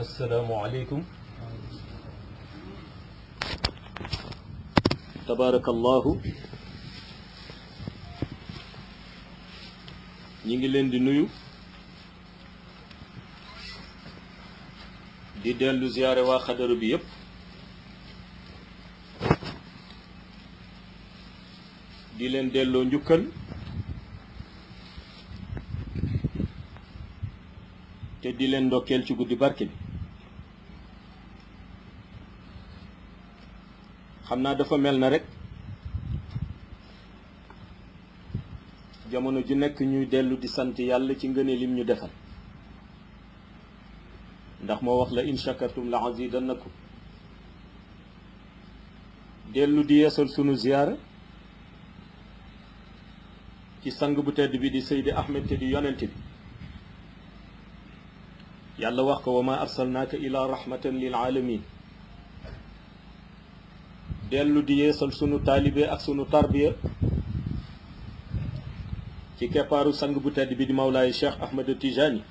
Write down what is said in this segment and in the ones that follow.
السلام عليكم tabarakallahu ñi ngi leen di nuyu di dellu ziyaare waa xadaru bi yépp di leen delloo njukkal te di leen ndokkeel ci guddi barke bi xam naa dafa mel na rek jamono ju nekk ñuy dellu di sant yàlla ci ngëne lim ñu defal ndax moo wax la in shakartum na ko dellu di yeesal sunu ziyaara ci sang bu tedd bi di Seydi Ahmed te di yonent bi yàlla wax ko wa ma arsalnaaka ila rahmatan lil alamin delu di yeesal sunu talibé ak sunu tarbiya ci képaru sang bu tedd bi di mawlaay cheikh ahmed tijani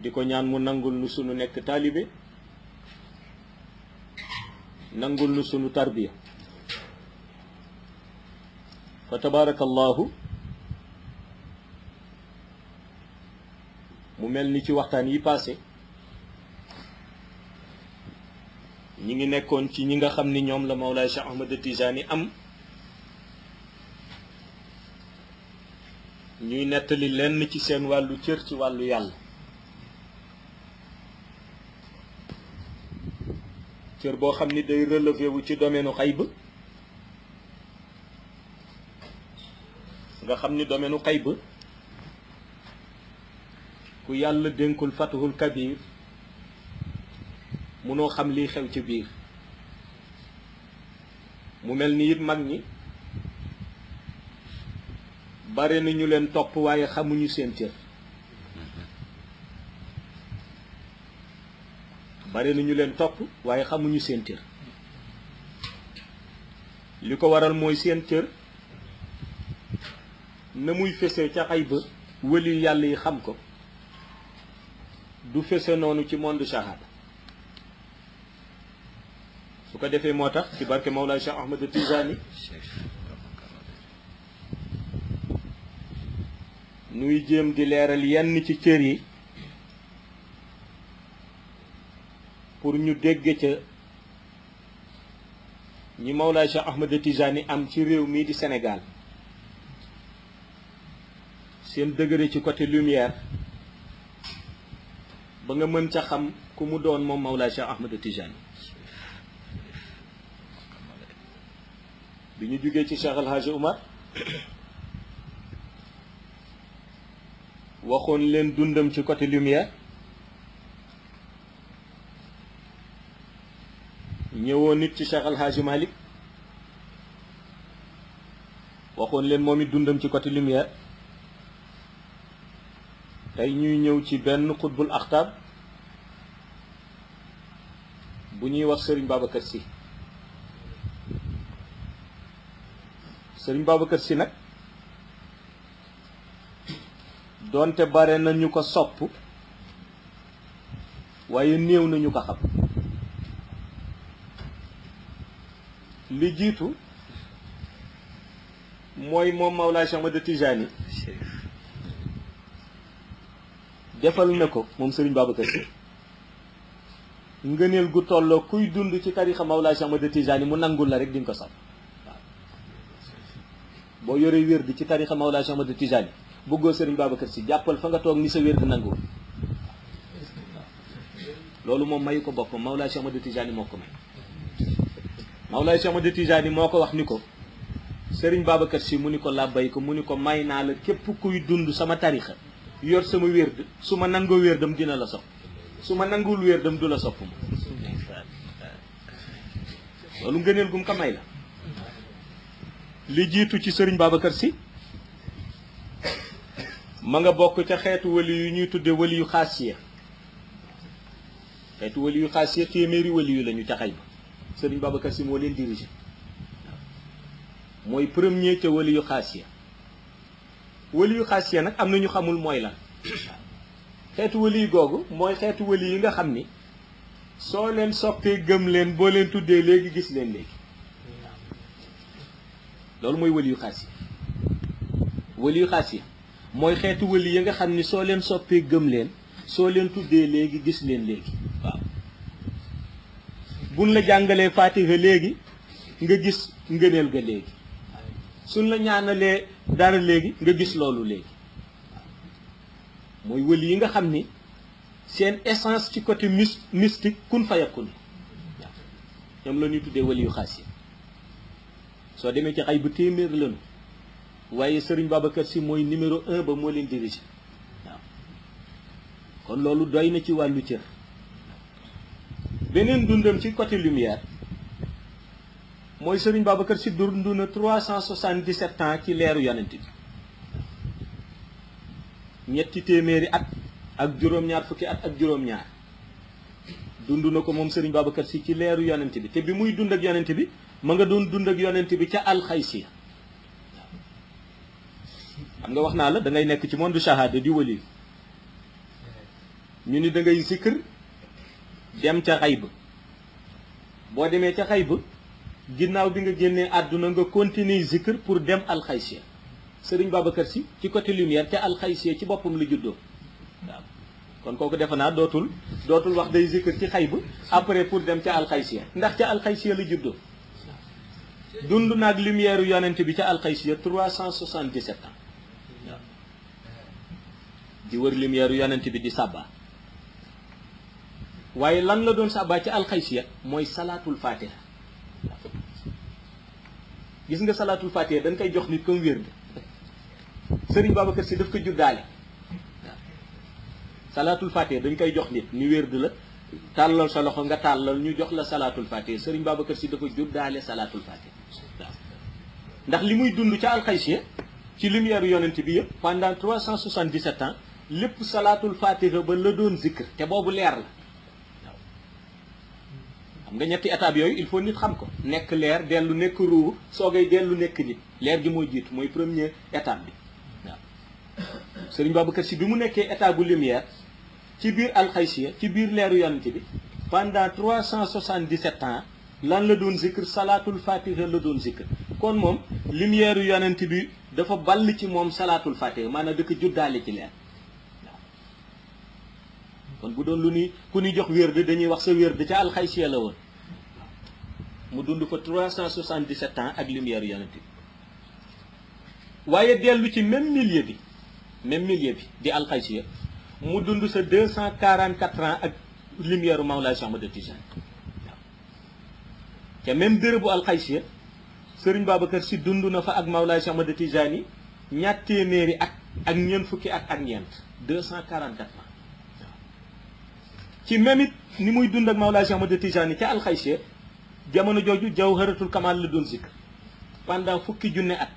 diko ñaan mu nangul nu sunu nek talibé nangul nu sunu tarbiya fa tabarakallahu mu melni ci waxtan yi passé ñi ngi nekkoon ci ñi nga xam ni ñoom la Mawlaay Cheikh Ahmed Tijani am ñuy nettali lenn ci seen wàllu cër ci wàllu yàlla cër boo xam ni day relevé wu ci domaine u nga xam ni domaine u ku yàlla dénkul fatuhul kabir mënoo xam liy xew ca biir mu mel ni it mag ñi bari nañu leen topp waaye xamuñu seen cër bare na leen topp waaye xamuñu seen cër li ko waral mooy seen cër na muy fese ca xay ba wëli yàlla yi xam ko du fese noonu ci monde shahada bu ko defee moo tax ci barke Mawlaay Cheikh Ahmad Tijaani nuy jéem di leeral yenn ci cër yi pour ñu dégg ca ñi Mawlaay Cheikh Ahmad Tijaani am ci réew mii di Sénégal seen dëgëre ci côté lumière ba nga mën ca xam ku mu doon moom Mawlaay Cheikh Ahmad Tijaani bi ñu jugee ci Cheikh El Hadj Oumar waxoon leen dundam ci côté lumière ñëwoon nit ci Cheikh El Hadj Malick waxoon leen moom dundam ci côté lumière tay ñuy ñëw ci benn khutbul akhtab bu ñuy wax Serigne Babacar Sy sëriñ Babacar si nag doonte bare na ñu ko sopp waaye néew na ñu ko xam li jiitu mooy moom Mawlaay Cheikh Ahmad Tijaani defal na ko moom sëriñ Babacar si ngëneel gu tolloo kuy dund ci tarixa Mawlaay Cheikh Ahmad Tijaani mu nangul la rek di nga ko sopp boo yoree wér di ci tarixa Mawlaa Cheikh Ahmadu Tijaani bëggoo Serigne Babacar Sy jàppal fa nga toog ni sa wér di nangu loolu moom mayu ko boppam Mawlaa ma Ahmadu Tijaani moo ko may Mawlaa Cheikh Ahmadu Tijaani moo ko wax ni ko Serigne Babacar Sy mu ni ko làbbay ko mu ni ko may naa la képp kuy dund sama tarixa yor sama wér di su ma nangoo wér dam dina la sopp su ma nanguwul wér dam du la sopp ma loolu ngëneel gum ko may la li jiitu ci sëriñ Babacar Sy ma nga bokk ca xeetu wali yu ñuy tudde wali yu xaasiya xeetu wali yu xaasiya téeméeri wali yu lañu ñu caxay ba sëriñ Babacar Sy moo leen dirigé mooy premier ca wali yu xaasiya wali yu xaasiya nag am na ñu xamul mooy la xeetu wali yu googu mooy xeetu wali yi nga xam ni soo leen soppee gëm leen boo leen tuddee léegi gis leen léegi loolu mooy wëli yu xaas yi wëli yu xaas yi mooy xeetu wëli yi nga xam ni soo leen soppee gëm leen soo leen tuddee léegi gis leen léegi waaw buñ la jàngalee faatiha léegi nga gis ngëneel ga léegi suñ la ñaanalee dara léegi nga gis loolu léegi mooy wëli yi nga xam ni seen essence ci côté mystique kun fayakun ñoom la ñuy tuddee wëli yu xaas yi soo demee ci xay bu téeméer lañu waaye sëriñ Babacar si mooy numéro un ba moo leen dirigé kon loolu doy na ci wàllu cër beneen dundam ci côté lumière mooy sëriñ kër si dund na 377 ans ci leeru yonent bi téeméeri at ak juróom-ñaar fukki at ak juróom-ñaar dund na ko moom sëriñ Babacar si ci leeru yonent bi te bi muy dund ak yonent bi ma nga doon dund ak yonent bi ca alxaysiya xam nga wax naa la dangay nekk ci monde shahada di wali ñu ni da ngay sikkër dem ca xayba boo demee ca xayba ginnaaw bi nga génnee àdduna nga continuer zikr pour dem alxaysiya sëriñ Babacar si ci côté lumière ca alxaysiya ci boppam la juddoo waaw kon kooku defe naa dootul dootul wax day zikr ci xayba après pour dem ca alxaysiya ndax ca alxaysiya la juddoo dund naag lumière yonent bi ca alxaysiya 377 ans waaw di wër lumière yonent bi di sàbba waaye lan la doon sàbba ca alxaysiya mooy salaatul fatiha gis nga salaatul fatiha dañ koy jox nit comme wér bi sëriñ Babacar si daf ko juddaale salaatul fatiha dañ koy jox nit ni wér la tàllal sa loxo nga tàllal ñu jox la salaatul fatiha sëriñ Babacar si dafa juddaale salaatul fatiha ndax li muy dund ca alxaysiya ci lumière yonent bi yëpp pendant 377 ans lépp salaatul fatiha ba la doon zikr te boobu leer la xam nga ñetti étape yooyu il faut nit xam ko nekk leer dellu nekk ruur soogay dellu nekk nit leer gi moo jiitu mooy premier étape bi waaw sëriñ kër Si bi mu nekkee état bu lumière ci biir alxaysiya ci biir leeru yonent bi pendant 377 ans lan la doon zikr salaatul fatiha la doon zikr kon moom lumière yu yonent bi dafa ball ci moom salaatul fatiha maanaam dëkk juddaale ci leer kon bu doon lu ni ku ni jox wér di dañuy wax sa wér di ca alxaysiya la woon mu dund fa 377 ans ak lumière yonent bi waaye dellu ci même millier bi même milieu bi di alxaysiya mu dund sa 244 ans ak lumière Mawlaay Cheikh Ahmad Tijaan waaw te même bérébu alxaysiya Serigne kër Sy dund na fa ak Mawlaay Cheikh Ahmad Tijaani ñaar téeméeri at ak ñeent fukki at ak ñeent deux cent quarante ci même it ni muy dund ak Mawlaay Cheikh Ahmad Tijaani ca alxayse jamono jooju Jawharatul Kamal la doon zikr pendant fukki junne at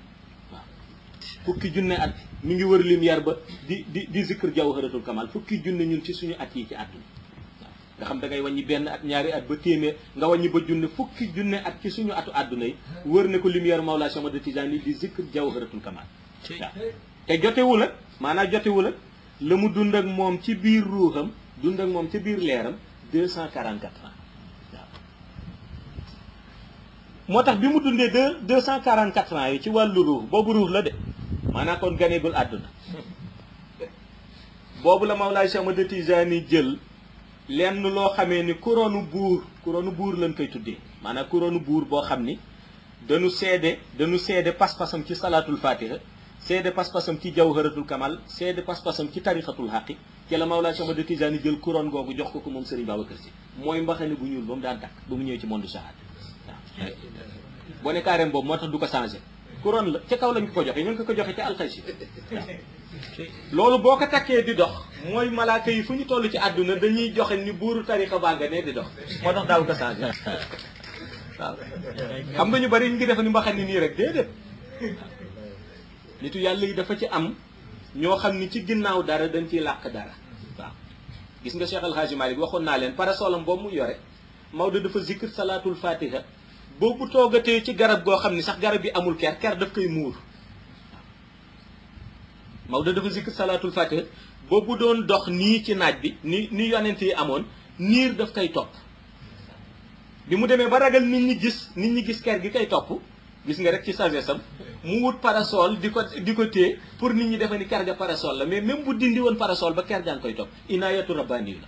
fukki junne at mu ngi wër lim yar ba di di di zikr Jawharatul Kamal fukki junne ñun ci suñu at yi ci àdduna nga xam da ngay wàññi benn at ñaari at ba téeméer nga wàññi ba junne fukki junne at ci suñu atu àdduna yi wër ne ko lumière Mawlaa Cheikh Ahmad Tijaani di zikr jawharatul kamal waaw te jotewul ak maanaa jotewul ak la mu dund ak moom ci biir ruuxam dund ak moom ci biir leeram 244 ans moo tax bi mu dundee deux deux cent quarante quatre ans yi ci wàllu ruux boobu ruux la de maanaa kon ganeegul àdduna boobu la Mawlaay Cheikh Ahmad Tijaani jël lenn loo xamee ni couronne buur couronne buur lañ koy tuddee maanaam couronne buur boo xam ni dañu seede dañu seede pas-pasam ci salaatul fatiha seede pas-pasam ci jawharatul kamal seede pas-pasam ci tarixatul xaqi ci la Mawlaa Cheikh Ahmad Tijaani jël couronne googu jox ko ko moom Serigne Babacar Sy mooy mbaxane bu ñuul ba mu daan takk ba mu ñëwee ci monde sahaad waaw boo ne carême boobu moo tax du ko changé couronne la ca kaw lañ ko ko joxe ñu ko ko joxee ci alxaysi waaw loolu boo ko takkee di dox mooy malaaka yi fu ñu toll ci àdduna dañuy joxe ni buuru tarixa baa nga ne di dox moo tax daaw ko change waaw xam nga ñu bari ñu ngi def ni mbaxal ni nii rek déedéet nitu yàlla yi dafa ci am ñoo xam ni ci ginnaaw dara dañ ciy làq dara waaw gis nga Cheikh El Hadji waxoon naa leen parasolam boobu mu yore Maodo dafa zikr salaatul fatiha boobu toogatee ci garab goo xam ni sax garab yi amul ker ker daf koy muur Maodo dafa sikk salaatul fatiha boobu doon dox nii ci naaj bi ni ni yonent yi amoon niir daf koy topp bi mu demee ba ragal nit ñi gis nit ñi gis ker gi koy topp gis nga rek ci sagesse am mu wut parasol di ko di ko téye pour nit ñi defe ni ker ga parasol la mais même bu dindi woon parasol ba ker gaa ngi koy topp inaayatu rabbaani la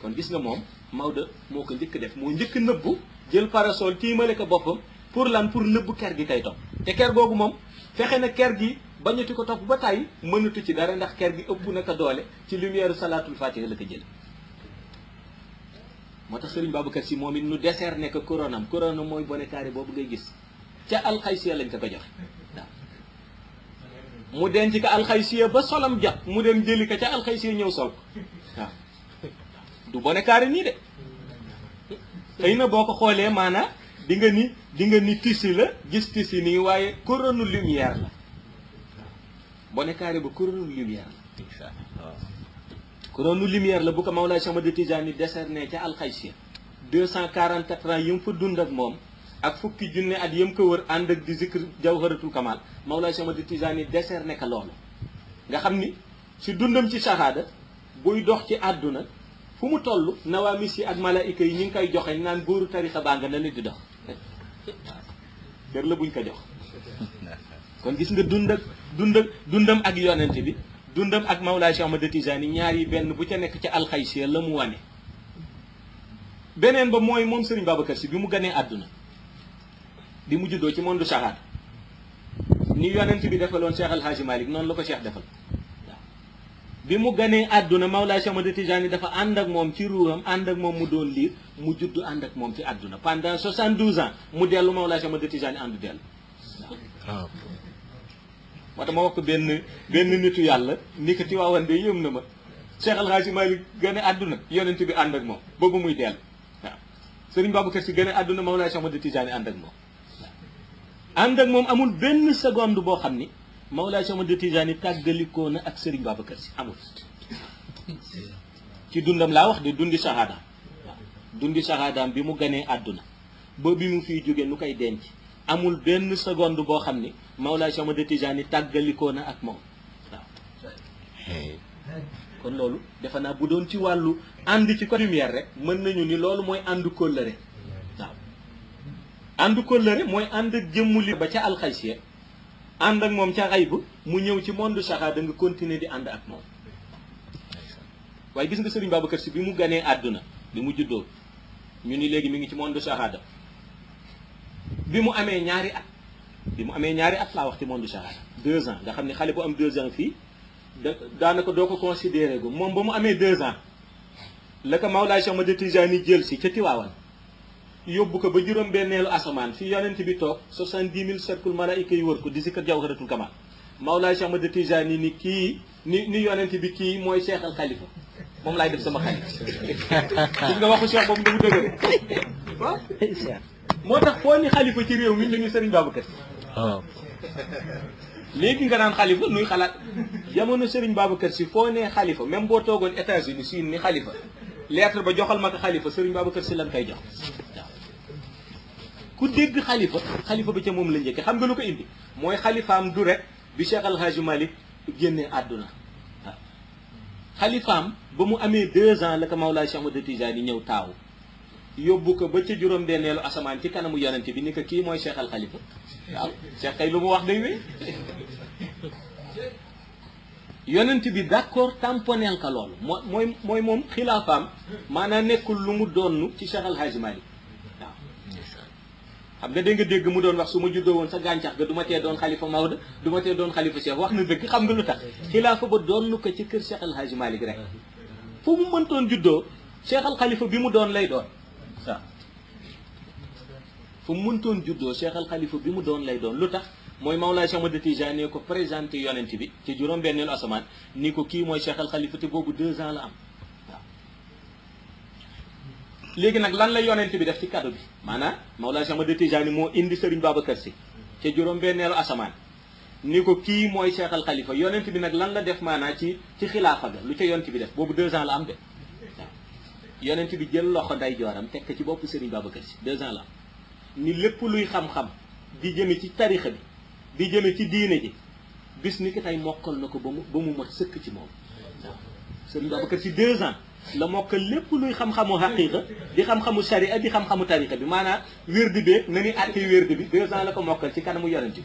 kon gis nga moom Maodo moo ko njëkk def moo njëkk nëbbu jël parasol tiimale ko boppam pour lan pour nëbbu ker gi koy topp te ker moom fexe na ker gi bañatu ko top ba tàyyi mënatu ci dara ndax ker gi ëpp na ko doole ci lumière salatul fatiha la ko jël motax serigne Babacar si moom it nu deseer nekk koronam korona mooy bonekaari boobu ngay gis al alxaysiya lañ ko ko joxe mu denc al alxaysiya ba solam jax mu dem jëli ci al alxaysiya ñew sol waaw du bonekaari nii de xëy na boo ko di nga ni di ni tissu la gis tissu nii waaye couronne lumière la bonnet carré ba couronne lumière la incha allah couronne la bu ko Mawlaay Cheikh Ahmad Tijaani décerné ca alxaysia deux cent quarante quatre ans yi mu dund moom ak fukki junne at yëm ko wër ànd ak di zikr jawharatul kamal Mawlaay Cheikh Ahmad Tijaani décerné ka loolu nga xam ni si dundam ci shahada buy dox ci àdduna fu mu toll nawaamis yi ak malaayika yi ñu ngi koy joxe naan buuru tarixa baa nga na di dox cër la buñ ko jox kon gis nga dund ak dund dundam ak yonent bi dundam ak Mawlaay Cheikh Ahmad Tijaani ñaar ñaari benn bu ca nekk ca alxaysiya la mu wane beneen ba mooy moom Serigne Babacar Sy bi mu ganee àdduna bi mu juddoo ci monde saxaar ni yonent bi defaloon Cheikh Alhaaji Malick noonu la ko Cheikh defal bi mu ganee àdduna Mawlaa Cheikh Ahmad Tijaani dafa ànd ak moom ci ruuram ànd ak moom mu doon liir mu judd ànd ak moom ci àdduna pendant 72 ans mu dellu Mawlaa Cheikh Ahmad Tijaani ànd dellu waaw ah. moo tax ma ni ko Tiwaawan de yëm na ma Cheikh Alxaaji bi ànd ak moom boobu muy dellu waaw Sëriñ Babacar Si gën a àdduna Mawlaa Cheikh Ahmad Tijaani ànd ak moom ànd ak moom amul benn seconde boo xam ni Mawlaay Cheikh Ahmad Tijaani tàggalikoo na ak Serigne Babacar si amul ci dundam laa wax de dundi sahaadaam waaw dundi sahaadaam bi mu ganee àdduna ba bi mu fi jóge nu koy denc amul benn seconde boo xam ni Mawlaay Cheikh Ahmad Tijaani tàggalikoo na ak moom waaw kon loolu defe naa bu doon ci wàllu ànd ci côté lumière rek mën nañu ni loolu mooy ànd kóllëre waaw ànd kóllëre mooy ànd jëmmu li ba ca alxaysiya ànd ak moom ca bu mu ñëw ci monde shahada nga continuer di ànd ak moom waaye gis nga sëriñ Babacar si bi mu ganee àdduna bi mu juddoo ñu ni léegi mu ngi ci monde shahada bi mu amee ñaari at bi mu amee ñaari at laa wax ci monde shahada deux ans nga xam ni xale bu am deux ans fii da daanaka doo ko considéré gu moom ba mu amee deux ans la ko Mawlaay Cheikh Ahmad Tijaani jël si ca Tiwaawan yóbbu ko ba juróom-benneelu asamaan fi yonent bi toog soixante-dix mille cercle malaayika yi wër ko di sikkar jawharatul kamal Mawlaay Cheikh Ahmad Tijaani ni kii ni ni yonent bi kii mooy seexal al Khalifa moom laay def sama xarit gis nga waxu Cheikh boobu damu moo tax foo ni xalifa ci réew mi la ñu Sëriñ Babacar Si ah. léegi nga naan xalifa nuy xalaat jamono Sëriñ Babacar Si foo ne xalifa même boo toogoon États-Unis siin ni xalifa lettre ba joxal ma ko xalifa Sëriñ Babacar Si lan koy jox ku dégg xalifa xalifa ba ca moom la njëkk xam nga lu ko indi mooy xalifaam du rek bi Cheikh Al Hadj Malick àdduna waaw ah. xalifaam ba mu amee deux ans la ko Mawlaay Cheikh Ahmad ñëw taaw yóbbu ko ba ca juróom-benneelu asamaan ci kanamu yonent bi ni ko kii mooy Cheikh Al Khalifa waaw Cheikh kay lu mu wax day wéy yonent bi d'accord tamponeel ko loolu moo mooy mooy moom xilaafaam maanaam nekkul lu mu doon ci Cheikh Al Hadj xam nga dégg nga dégg mu doon wax su ma juddoo woon sa gàncax ga du te doon xalifa Maodo du ma tee doon xalifa Cheikh wax na dëgg xam nga lu tax xilaafa ba doon ko ci kër Cheikh Al Hadj Malick rek fu mu mëntoon juddoo Cheikh Al bi mu doon lay doon waaw fu mu mëntoon juddoo Cheikh Al bi mu doon lay doon lu tax mooy Mawlaay Cheikh Ahmad Tijaani ko présenté yonent bi ci juróom-benneelu asamaan ni ko kii mooy Cheikh Al te boobu deux ans la am léegi nag lan la yonent bi def ci kàddu bi maanaam Mawlana Cheikh Ahmad Tijaani moo indi Serigne Babacar si ca juróom-benneelu asamaan ni ko kii mooy Cheikh al Khalifa yonent bi nag lan la def maanaa ci ci xilaafa ga lu ca yonent bi def boobu deux ans la am de waaw jël loxo nday jooram tekk ci bopp Serigne Babacar Sy deux ans la am ni lépp luy xam-xam di jëme ci tarixa bi di jëme ci diine ji bis ni ki tey mokkal na ko ba mu ba mu mat sëkk ci moom waaw Serigne si Sy deux la mokk lépp luy xam-xamu xaqiqa di xam-xamu sharia di xam-xamu tariqa bi maanaam wérdi beeg na ni àtte wérdi bi deux la ko mokkal ci kanamu yonent bi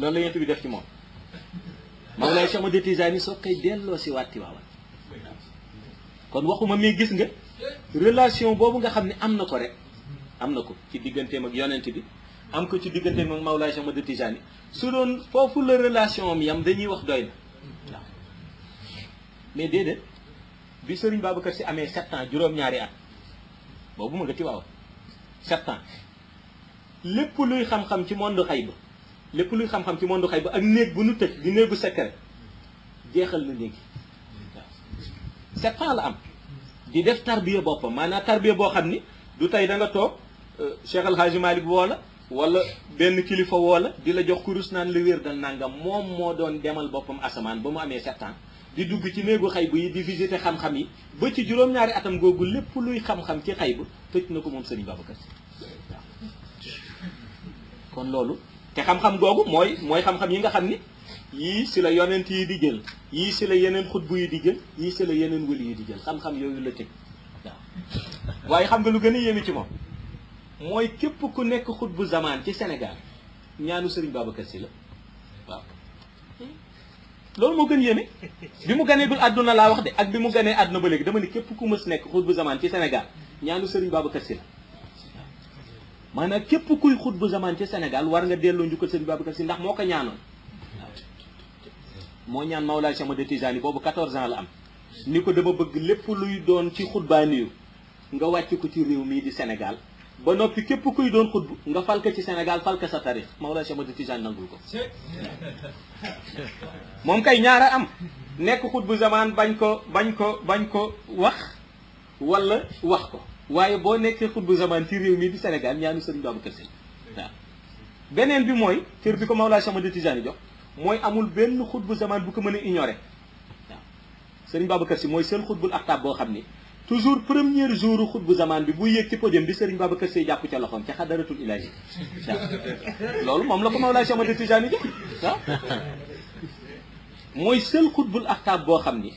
waaw la yonent bi def ci moom Mawlaay Cheikh Ahmad Tijaani soo koy delloo si waat Tiwaawan kon waxuma mii gis nga relation boobu nga xam ne am na ko rek am na ko ci digganteem ak yonent bi am ko ci digganteem ak Mawlaay Cheikh Ahmad Tijaani su doon foofu la relation am yam dañuy wax doy na waaw mais déedéet bi Serigne Babacar si amee sept ans juróom-ñaari at boobu mu nga Tiwaawan sept ans lépp luy xam-xam ci monde xayba lépp luy xam-xam ci monde xayba ak néeg bu nu tëj di néegu secret jeexal na léegi waaw la am di def tarbiya boppam maanaa tarbiya boo xam ni du tey danga nga toog euh, Cheikh El Hadji Malick woo wala benn kilifa woo di la jox kurus naan la wér dal nangam moom moo doon demal boppam asamaan ba mu amee sept di dugg ci néegu xaybu yi di visiter xam-xam yi ba ci juróom-ñaari atam googu lépp luy xam-xam ci xaybu tëj na ko moom Serigne Babacar Sy kon loolu te xam-xam googu mooy mooy xam-xam yi nga xam ni yii si la yonent yi di jël yii si la yeneen xutbu yi di jël yii si la yeneen wëli yi di jël xam-xam yooyu la tëj waaw waaye xam nga lu gën a yéeme ci moom mooy képp ku nekk bu zamaan ci senegal ñaanu Serigne Babacar Sy la loolu moo gën yéeme bi mu ganee dul àdduna laa wax de ak bi mu ganee àdduna ba léegi dama ne képp ku mës nekk xut bu zamaan ci Sénégal ñaanu Serigne Babacar Sy la maanaam képp kuy xut bu zamaan ci Sénégal war nga delloo njukkal Serigne Babacar Sy ndax moo ko ñaanoon moo ñaan Mawlaay Cheikh Ahmad Tijaani boobu 14 ans la am ni ko dama bëgg lépp luy doon ci xutbaaniyu nga wàcc ko ci réew mii di Sénégal ba noppi képp kuy doon xutbu nga fal ko ci Sénégal fal ko sa tarix Mawlana Cheikh Ahmad Tijaan nangul ko moom kay ñaara am nekk xutbu zamaan bañ ko bañ ko bañ ko wax wala wax ko waaye boo nekkee xutbu zamaan ci réew mi di Sénégal ñaanu sëriñ Babacar Sy waaw beneen bi mooy cër bi ko Mawlana Cheikh Ahmad Tijaan jox mooy amul benn xutbu zamaan bu ko mën a ignoré waaw sëriñ Babacar Sy mooy seul xutbul axtaab boo xam ni toujours premier jour xutbu zamaan bi bu yéeg ci podium bi sëriñ ba Babacar Seye jàpp ca loxoom ca xadaratul ilaahi loolu moom la ko Mawlaa Cheikh Ahmad Tijaani jox ah mooy seul xutbul aktaab boo xam ni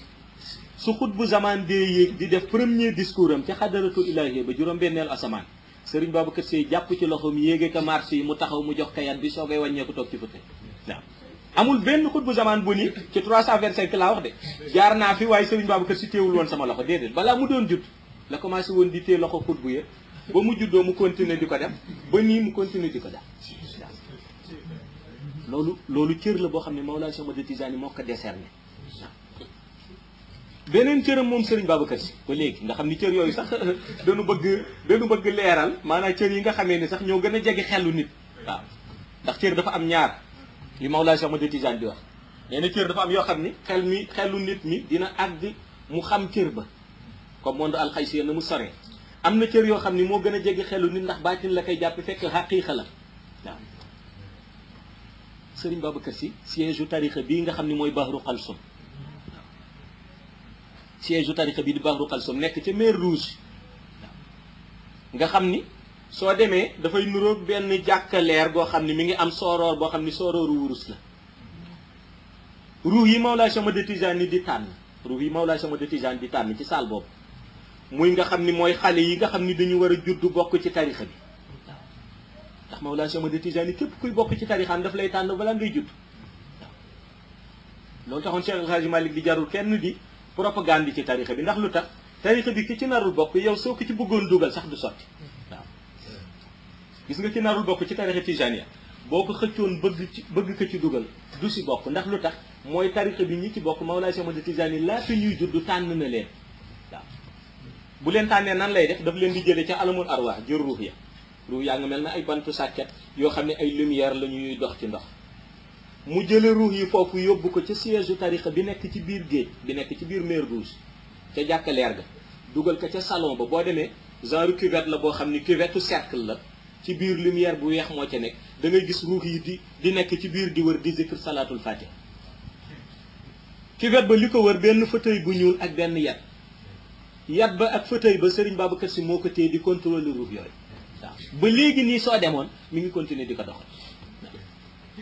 su xutbu zamaan dee yéeg di def premier discours am ca xadaratul ilaahi ba juróom-benneel asamaan Serigne Babacar Seye jàpp ci loxoom yéege ka marché yi mu taxaw mu jox kayat bi soogay wàññeeku toog ci fëte waaw amul benn xutbu zaman bu ni ci 325 la wax de jaar naa fi waaye Serigne Babacar Sy téewul woon sama loxo déedéet balaa mu doon jut la commencé woon di téye loxo xutbu ya ba mu juddoo mu continuer di ko def ba nii mu continuer di ko def loolu loolu cër la boo xam ne Mawlana Cheikh Ahmad Tidiane moo ko décerné beneen cëram moom Serigne Babacar Sy ba léegi nga xam ni cër yooyu sax dañu bëgg dañu bëgg leeral maanaam cër yi nga xamee ne sax ñoo gën a jege xelu nit waaw ndax cër dafa am ñaar. li Mawlaay Cheikh Ahmad Tijaan di wax nee na cër dafa am yoo xam ni xel mi xelu nit mi dina àgg mu xam cër ba comme monde alxaysiya na mu soree am na cër yoo xam ni moo gën a jege xelu nit ndax baatin la koy jàpp fekk xaqiiqa la waaw sëriñ Babacar Si siège tarixa bii nga xam ni mooy Bahru Kalsum siège tarixa bii di Bahru Kalsum nekk ca mer rouge nga xam soo demee dafay nuroog benn jàkkaleer goo xam ne mi ngi am sooroor boo xam ne soorooru wurus la ruux yi Mawlaay Sama de Tijaan di tànn ruux yi Mawlaay Sama de Tijaan di tànn ci saal boobu muy nga xam ni mooy xale yi nga xam ni dañu war a judd bokk ci tarixa bi ndax Mawlaay Sama de Tijaan képp kuy bokk ci tarixam daf lay tànn balaa ngay judd loolu taxoon Cheikh El Hadji Malick di jarul kenn di propagande ci tarixa bi ndax lu tax tarixa bi ki ci narul bokk yow soo ci bëggoon dugal sax du sotti gis nga ci narul bokk ci tarixa tijaniya boo xeccion bëgg ci bëgg ko ci duggal du ci bokk ndax lutax moy mooy bi ñi ci bokk mawla Cheikh Ahmad Tijani la fi ñuy judd tan na leen bu leen tané nan lay def daf leen di jëlé ci alamul arwah jël ruh ya ruux ya nga melna ay bantu sàkket yo xam ay lumière la ñuy dox ci ndox mu jële ruh yi fofu yóbbu ko ci siège tarixa bi nekk ci biir géej bi nekk ci biir mer Rouge ca jakk leer ga dugal ko ca salon ba bo démé genre cuvette la bo xamni cuvette cercle la ci biir lumière bu weex moo ci nekk dangay gis ruux yi di di nekk ci biir di wër di zikr salaatul fatih ci ba li ko wër benn fauteuil bu ñuul ak benn yat yat ba ak fauteuil ba Serigne Babacar Sy moo ko téye di contrôler ruux yooyu waaw ba léegi nii soo demoon mi ngi continuer di ko doxal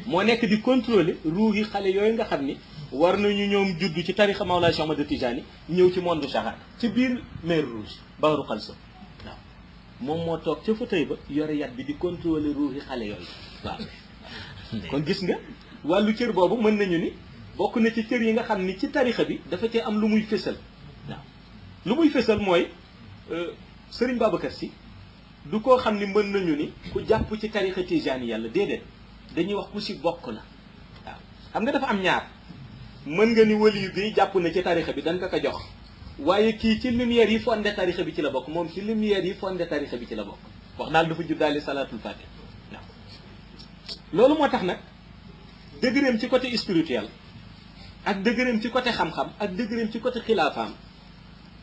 moo nekk di contrôler ruux yi xale yooyu nga xam ni war nañu ñoom juddu ci tarixa Mawlana Cheikh Ahmad Tijani ñëw ci monde Chahar ci biir mer rouge Bahru Kalsum mom mo tok ci fauteuil ba yore yat bi di contrôler ruhi xale yoy waaw kon gis nga walu cieur bobu meun nañu ni bokku na ci cieur yi nga xamni ci tarixa bi dafa ci am lu muy fessel lu muy fésal mooy serigne Babacar si du ko xamni meun nañu ni ku jàpp ci tarixa tijani yàlla déedéet dañuy wax ku ci bokk la xam nga dafa am ñaar meun nga ni waliyu bi jàpp na ci tarixa bi dañ ko ka jox waaye kii ci lumière yi fondé tarixa bi ci la bokk moom ci lumière yi fondé tarixa bi ci la bokk wax daal dafa juddaali salaatul fati waaw loolu moo tax nag dëgëreem ci côté spirituel ak dëgëreem ci côté xam-xam ak dëgëreem ci côté xilaafaam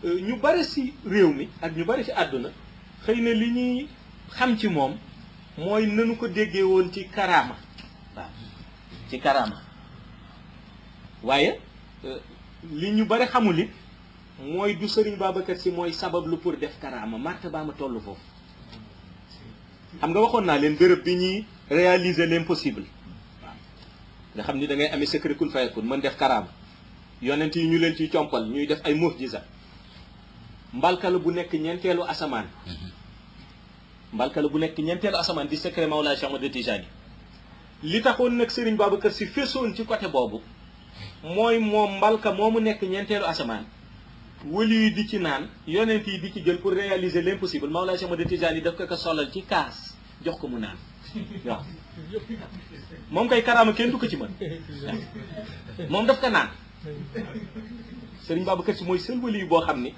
ñu bari si réew mi ak ñu bari si àdduna xëy na li ñuy xam ci moom mooy nanu ko déggee woon ci karaama waaw ci karaama waaye li ñu bari xamul it mooy du sëriñ Babacar si mooy sabablu pour def karaama marta baa ma toll foofu xam nga waxoon naa leen bërëb bi ñuy réaliser l'impossible nga xam ni da ngay amee secret kun fayakun mën def karaama yonent yi ñu leen ci compal ñuy def ay mujjiza mbalkala bu nekk ñenteelu asamaan mbalkala bu nekk ñeenteelu asamaan di secret Mawlaay Cheikh Ahmad Tijaani li taxoon nag Serigne Babacar si fésoon ci côté boobu mooy moom mbalka moomu nekk ñeenteelu asamaan wali di ci nan yonent yi di ci jël pour réaliser l'impossible mawla Cheikh Modou Tidiane daf ko ko solal ci kaas jox ko mu nan mom kay karama kenn du ko ci man mom daf ko naan sëriñ Babacar si moy seul wali bo xamni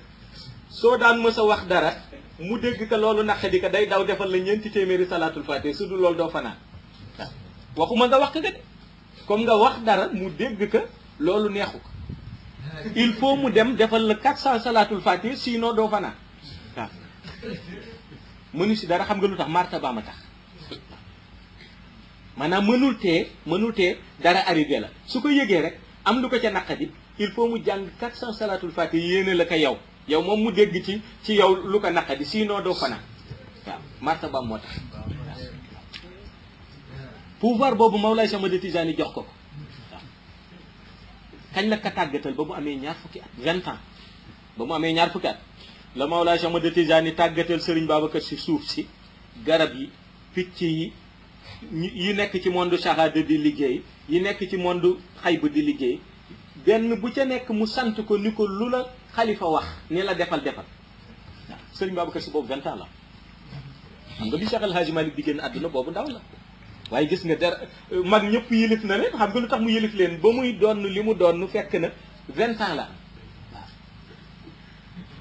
so daan ma sa wax dara mu dégg ka loolu naq di day daw defal la ñeenti téméré salatul fatih su du loolu do fa nan waxuma nga wax ka de comme nga wax dara mu dégg ka loolu neexu il faut mu dem defal la 400 salaatul faatiha sinon doo fanaan waaw mënu si dara xam nga lu tax martaba ma tax maanaam mënul tee mënul tee dara arrivé la su ko yëgee rek am lu ko ca naqadi il faut mu jàng 400 salaatul faatiha yéene la ko yow yow moom mu dégg ci ci yow lu ko naqadi sinon doo fanaan waaw martaba moo tax pouvoir boobu moom Mawlaay Sama de Tijaani jox ko kañ la ka tàggatal ba mu amee ñaar fukki at vingt ans ba mu amee ñaar fukki at la Mawlaa Cheikh Ahmad Tijaani tàggatal Serigne Babacar si suuf si garab yi picc yi yi nekk ci monde shahada di liggéey yi nekk ci monde xayb di liggéey benn bu ca nekk mu sant ko ni ko lu la xalifa wax ni la defal defal waaw Serigne Babacar si boobu vingt la xam nga bi Cheikh El Hadji Malick di génn àdduna boobu ndaw la. waaye gis nga dara mag ñëpp yëlif na leen xam nga lu tax mu yëlif leen ba muy doon li mu doon fekk na vingt ans la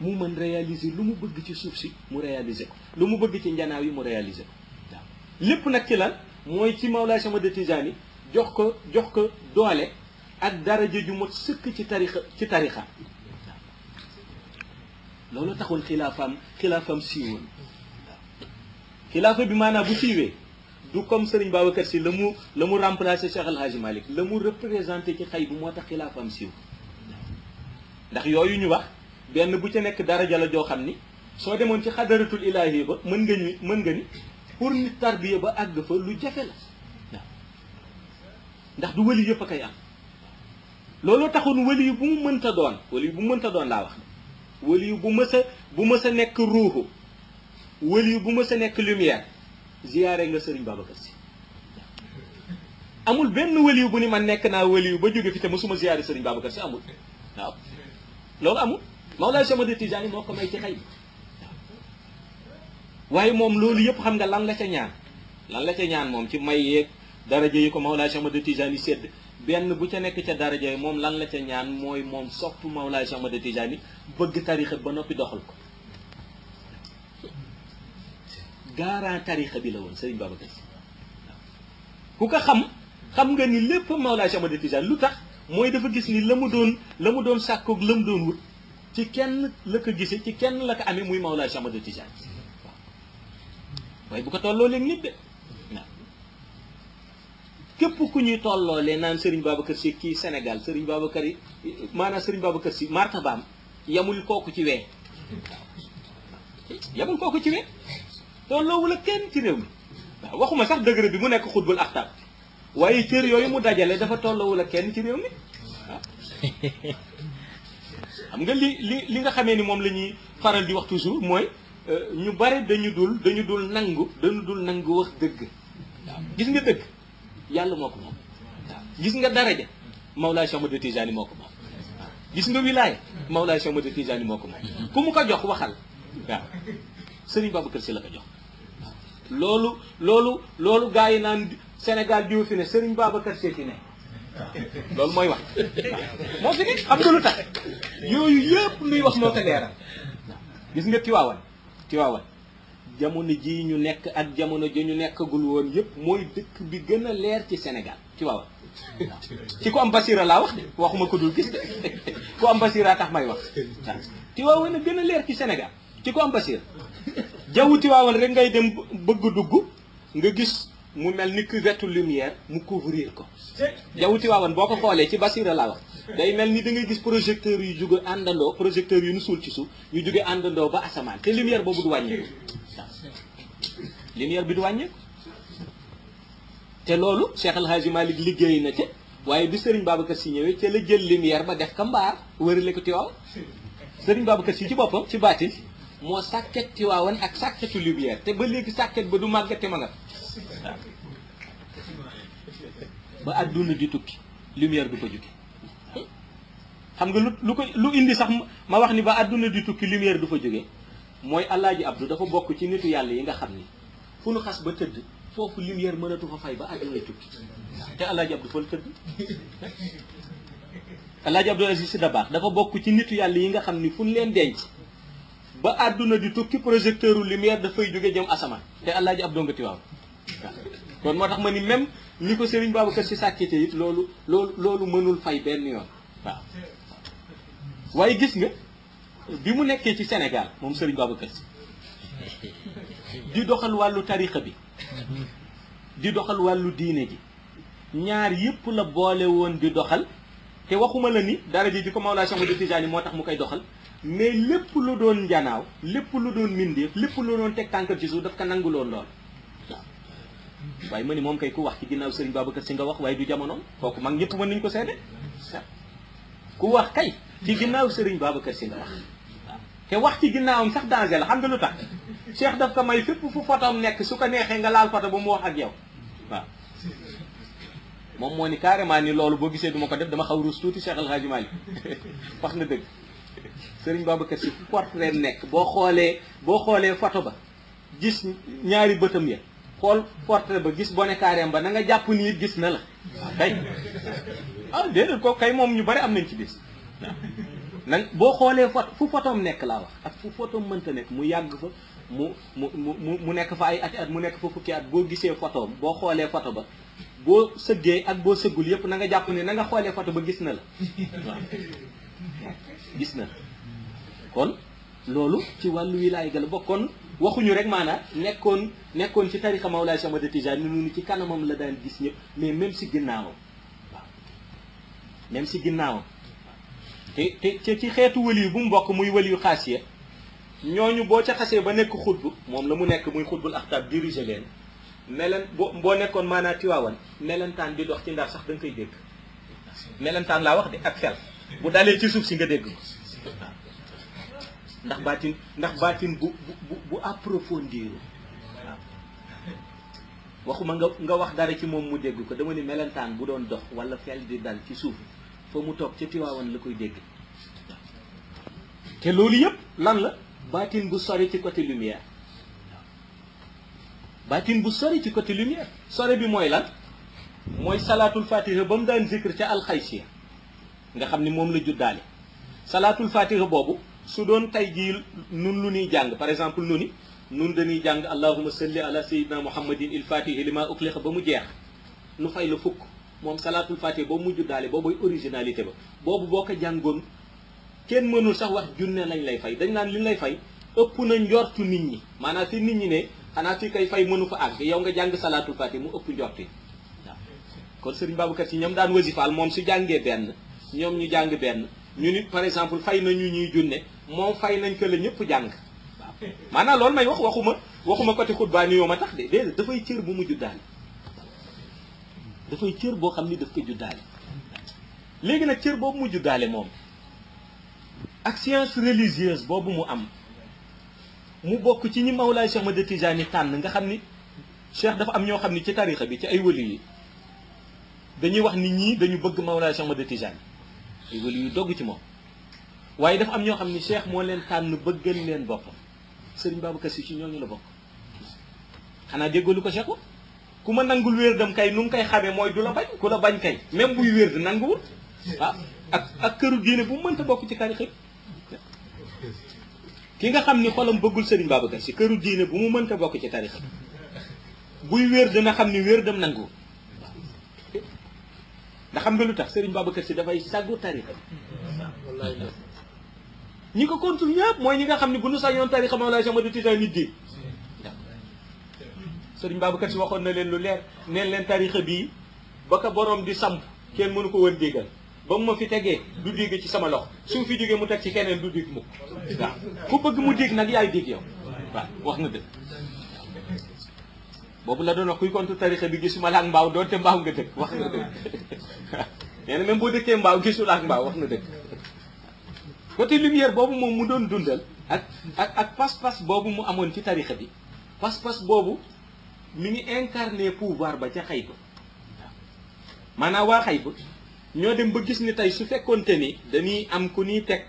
mu mën réaliser lu mu bëgg ci suuf si mu réaliser ko lu mu bëgg ci njanaaw yi mu réaliser ko lépp nag ci lan mooy ci Mawlaay sama de yi jox ko jox ko doole ak daraja ju ma sëkk ci tarixa ci tarixa loolu taxoon xilaafaam xilaafaam siiwoon waaw xilaafa bi maanaa bu siiwee du comme Serigne Babacar si lamu lamu remplacer Cheikh El Hadj Malick la mu ci xey bu motax khilafam siw ndax yoyu ñu wax ben bu ci nek dara jala jo xamni so demone ci xadaratul ilahi ba meun nga ni meun nga ni pour ni tarbiya ba ag fa lu jafe la ndax du wali yëpp kay am lolo taxone wali bu mu mënta doon wëli yu bu mu meun ta doon la wax wali bu mës bu mës nek ruhu wali bu mës nek lumière ziyaare nga sëriñ Babacar Si amul benn wëliw bu ni ma nekk naa wëliw ba jóge fi te mosuma ziyaare sëriñ Babacar Si amul waaw loolu amul Mawlaay Cheikh Ahmad Tijaani moo ko ci xëy waaye moom loolu yëpp xam nga lan la ca ñaan lan la ca ñaan moom ci may yeeg daraja yi ko Mawlaay Cheikh Ahmad Tijaani sedd benn bu ca nekk ca daraja yi moom lan la ca ñaan mooy moom sopp Mawlaay Cheikh de Tijaani bëgg tarixa ba noppi doxal ko daaraa tarixa bi la woon Serigne Babacar Sy ku ko xam xam nga ni lépp Mawlaay Cheikh Ahmad Tijaan lu tax mooy dafa gis ni la mu doon la mu doon sàkkoog la mu doon wut ci kenn la ko gisee ci kenn la ko amee muy Mawlaay Cheikh Ahmad Tijaan waaye bu ko tolloo léegi nit de képp ku ñuy tolloo tolloolee naan Serigne Babacar si kii Sénégal Serigne Babacar yi maanaam Serigne Babacar Sy martabaam yamul kooku ci wee waaw yamul kooku ci wee tolloowul ak kenn ci réew mi waaw waxuma sax degré bi mu nekk xutbul axtaab waaye cër yooyu mu dajale dafa tolloowul ak kenn ci réew mi waaw xam nga li li li nga xamee ni moom la ñuy faral di wax toujours mooy euh, ñu bare dañu dul dañu dul nangu dañu dul nangu wax dëgg waaw gis nga dëgg yàlla moo ko moom waaw gis nga daraja Mawlaay Cheikh Ahmad Tijaani moo ko moom gis nga wilaay Mawlaay Cheikh Ahmad Tijaani moo ko moom ku mu ko jox waxal waaw sëriñ Si la jox loolu loolu loolu gars yi naan Sénégal diw fi ne Serigne Babacar Sy fi ne loolu mooy wax moo fi ne xam nga lu tax yooyu yëpp luy wax moo ko leeral gis nga Tiwaawan Tiwaawan jamono jii ñu nekk ak jamono ji ñu nekkagul woon yépp mooy dëkk bi gën a leer ci Sénégal Tiwaawan ci ku am basira laa wax waxuma ko dul gis de ku am basira tax may wax waaw Tiwaawan gën a leer ci Sénégal ci ku am basira jaww Tiwaawan rek ngay dem bëgg dugg nga gis mu mel ni cuvette lumière mu couvrir ko jaww Tiwaawan boo ko xoolee ci Basira laa wax mel ni da ngay gis projecteur yu jóge àndandoo projecteur yu nu suul ci suuf yu jóge àndandoo ba asamaan te lumière boobu du wàññeeku lumière bi du wàññeeku te loolu Cheikh El liggéey na ci waaye bi Serigne Babacar Sy ñëwee ca la jël lumière ba def ka mbaar wërale ko Tiwaawan Serigne Babacar Sy ci boppam ci baatin moo sàkket Tiwaawan ak sàkketu Lumière te ba léegi sàkket ba du màggate ma nga ba àdduna di tukki Lumière du ko jóge xam nga lu lu ko lu indi sax ma wax ni ba àdduna di tukki Lumière du fa jóge mooy Alaaji Abdu dafa bokk ci nitu yàlla yi nga xam ni fu nu xas ba tëdd foofu Lumière mënatu fa fay ba àdduna tukki te Alaaji Abdu fa la tëdd Alaaji Abdu Aziz da Dabaax dafa bokk ci nitu yàlla yi nga xam ni fu nu leen denc ba àdduna di tukki projecteur lumière dafay jóge jëm asamaan te Alaaji ab donga Tiwaawan kon moo tax ma ni même ni ko Serigne Babacar si sàkkite it loolu loolu loolu mënul fay benn yoon waaw waaye gis nga bi mu nekkee ci senegal moom sëriñ Babacar si di doxal wàllu tarixa bi di doxal wàllu diine gi ñaar yëpp la boole woon di doxal te waxuma la ni dara ji di ko Mawlaa Cheikh Ahmad Tijaani moo tax mu koy doxal mais lépp lu doon njanaaw lépp lu doon mindeef lépp lu doon teg tànkal ci suuf daf ko nanguloon lool waaw waaye ma ni moom kay ku wax ci ginnaaw sëriñ Babacar si nga wax waaye du jamonoom kooku mag ñëpp mën nañu ko seede ku wax kay ci ginnaaw sëriñ Babacar si nga wax waaw te wax ci ginnaawam sax danger la xam nga lu tax Cheikh daf ko may fépp fu fotoom nekk su ko neexee nga laal foto ba mu wax ak yow waaw moom moo ni carrément ni loolu boo gisee duma ko def dama xaw ruus tuuti Cheikh El Hadj Malick wax na dëgg Serigne Babacar Sy fu portrait nekk boo xoolee boo xoolee photo ba gis ñaari bëtam ya xool portrait ba gis bone carrément ba na nga jàpp ni gis na la ah, kay ah déedéet ko kay moom ñu bari am nañ ci gis nag boo xoolee photo fu nekk laa ak fu mënta nekk mu yàgg fa mu mu mu mu nekk fa ay mu nekk fa fukki boo gisee photom boo xoolee photo ba boo sëggee ak boo sëggul yëpp na nga jàpp ni na xoolee photo ba gis na la waaw gis na kon loolu ci wàllu wilaay ga la bokkoon waxuñu rek maanaam nekkoon nekkoon ci tarixa Mawlaay Cheikh Ahmad Tijaan ni ci kanamam la daan gis ñëpp mais même si ginnaawam waaw si ginnaawam te te ci xeetu wëli yu bu mu bokk muy wëli yu xaas ya ñooñu boo ca xasee ba nekk xutbu moom la mu nekk muy xutbul axtaab dirigé leen melan boo boo nekkoon maanaam tiwaawan melentaan di dox ci ndar sax da koy dégg melentaan laa wax de ak fel bu dalee ci suuf si nga dégg ndax baatin ndax baatin bu bu bu approfondir waaw waxuma nga nga wax dara ci moom mu dégg ko dama ne melentaan bu doon dox wala fel di dal ci suuf fa mu toog ca Tiwaawan la koy dégg te loolu yëpp lan la baatin bu sori ci côté lumière baatin bu sori ci côté lumière sori bi mooy lan mooy salaatul fatiha ba mu daan zikr ca alxaysiya nga xam ni moom la juddaale salaatul fatiha boobu su doon tey jii nun lu ñuy jàng par exemple nu ni nun dañuy jàng allahuma salli ala sayidina muhammadin il fatihi li ma uxliqa ba mu jeex nu fay la fukk moom salaatul fatih ba mujj daale boobuy originalité ba boobu boo ko jàngoon kenn mënul sax wax junne lañ lay fay dañ naan li lay fay ëpp na njortu nit ñi maanaam fi nit ñi ne xanaa fi kay fay mënu fa àgg yow nga jàng salaatul fatih mu ëpp njorti waaw kon sëriñ Babacar si ñoom daan wasifaal moom su jàngee benn ñoom ñu jàng benn ñu nit par exemple fay nañu ñuy junne moom fay nañ ko la ñëpp jàng maanaa maanaam loolu may wax waxuma waxuma côté xutbaa yoo ma tax de déedéet dafay cër bu mu juddaale dafay cër boo xam ni daf ko juddaale léegi nag cër boobu mu juddaale moom ak science religieuse boobu mu am mu bokk ci ñi Mawlaay ma Ahmad Tijaani tànn nga xam ni Cheikh dafa am ñoo xam ni ci tarixa bi ci ay wëli yi dañuy wax nit ñi dañu bëgg Mawlaay Cheikh Ahmad Tijaani ay wëli yu dogg ci moom waaye dafa am ñoo xam ni cheikh moo leen tànn bëggal leen boppam sëriñ Babacar Si ñoo ñooñu la bokk xanaa déggoolu ko cheikh ku ma nangul wérdam kay nu koy xamee mooy du la bañ bañ kay même buy wérd nanguwul ah ak ak këru diine bu mënta bokk ci tarixa ki nga xam ni xolam bëggul sëriñ Babacar Si këru diine bu mu mënta bokk ci tarixa buy wéer dina xam ni wéer wérdam nanguwul ndax xam nga lu tax sëriñ Babacar Si dafay saggu tarixa ñi ko contre ñëpp mooy ñi nga xam ne bu nu sañoon tarixa Mawlaay Cheikh Ahmadu Tijaan nit di sëriñ Babacar Si waxoon na leen lu leer neen leen tarixa bi ba ko boroom di samp kenn mënu ko woon déggal ba mu ma fi tegee du dégg ci sama loxo su fi jógee mu teg ci keneen du dégg mukk waaw ku bëgg mu dégg nag yaay dégg yow waaw wax na dëgg boobu la doon wax kuy contre tarixa bi gisuma la ak mbaaw doonte mbaaw nga dëkk wax na dëgg nee na même boo dëkkee mbaaw gisula ak mbaaw wax na dëgg côté lumière boobu moom mu doon dundal ak ak ak pas-pas boobu mu amoon ci tarixa bi pas-pas boobu mi ngi incarné pouvoir ba ca xayba waaw maanaam waa xayba ñoo dem ba gis ni tey su fekkoonte ni dañuy am ku ñuy teg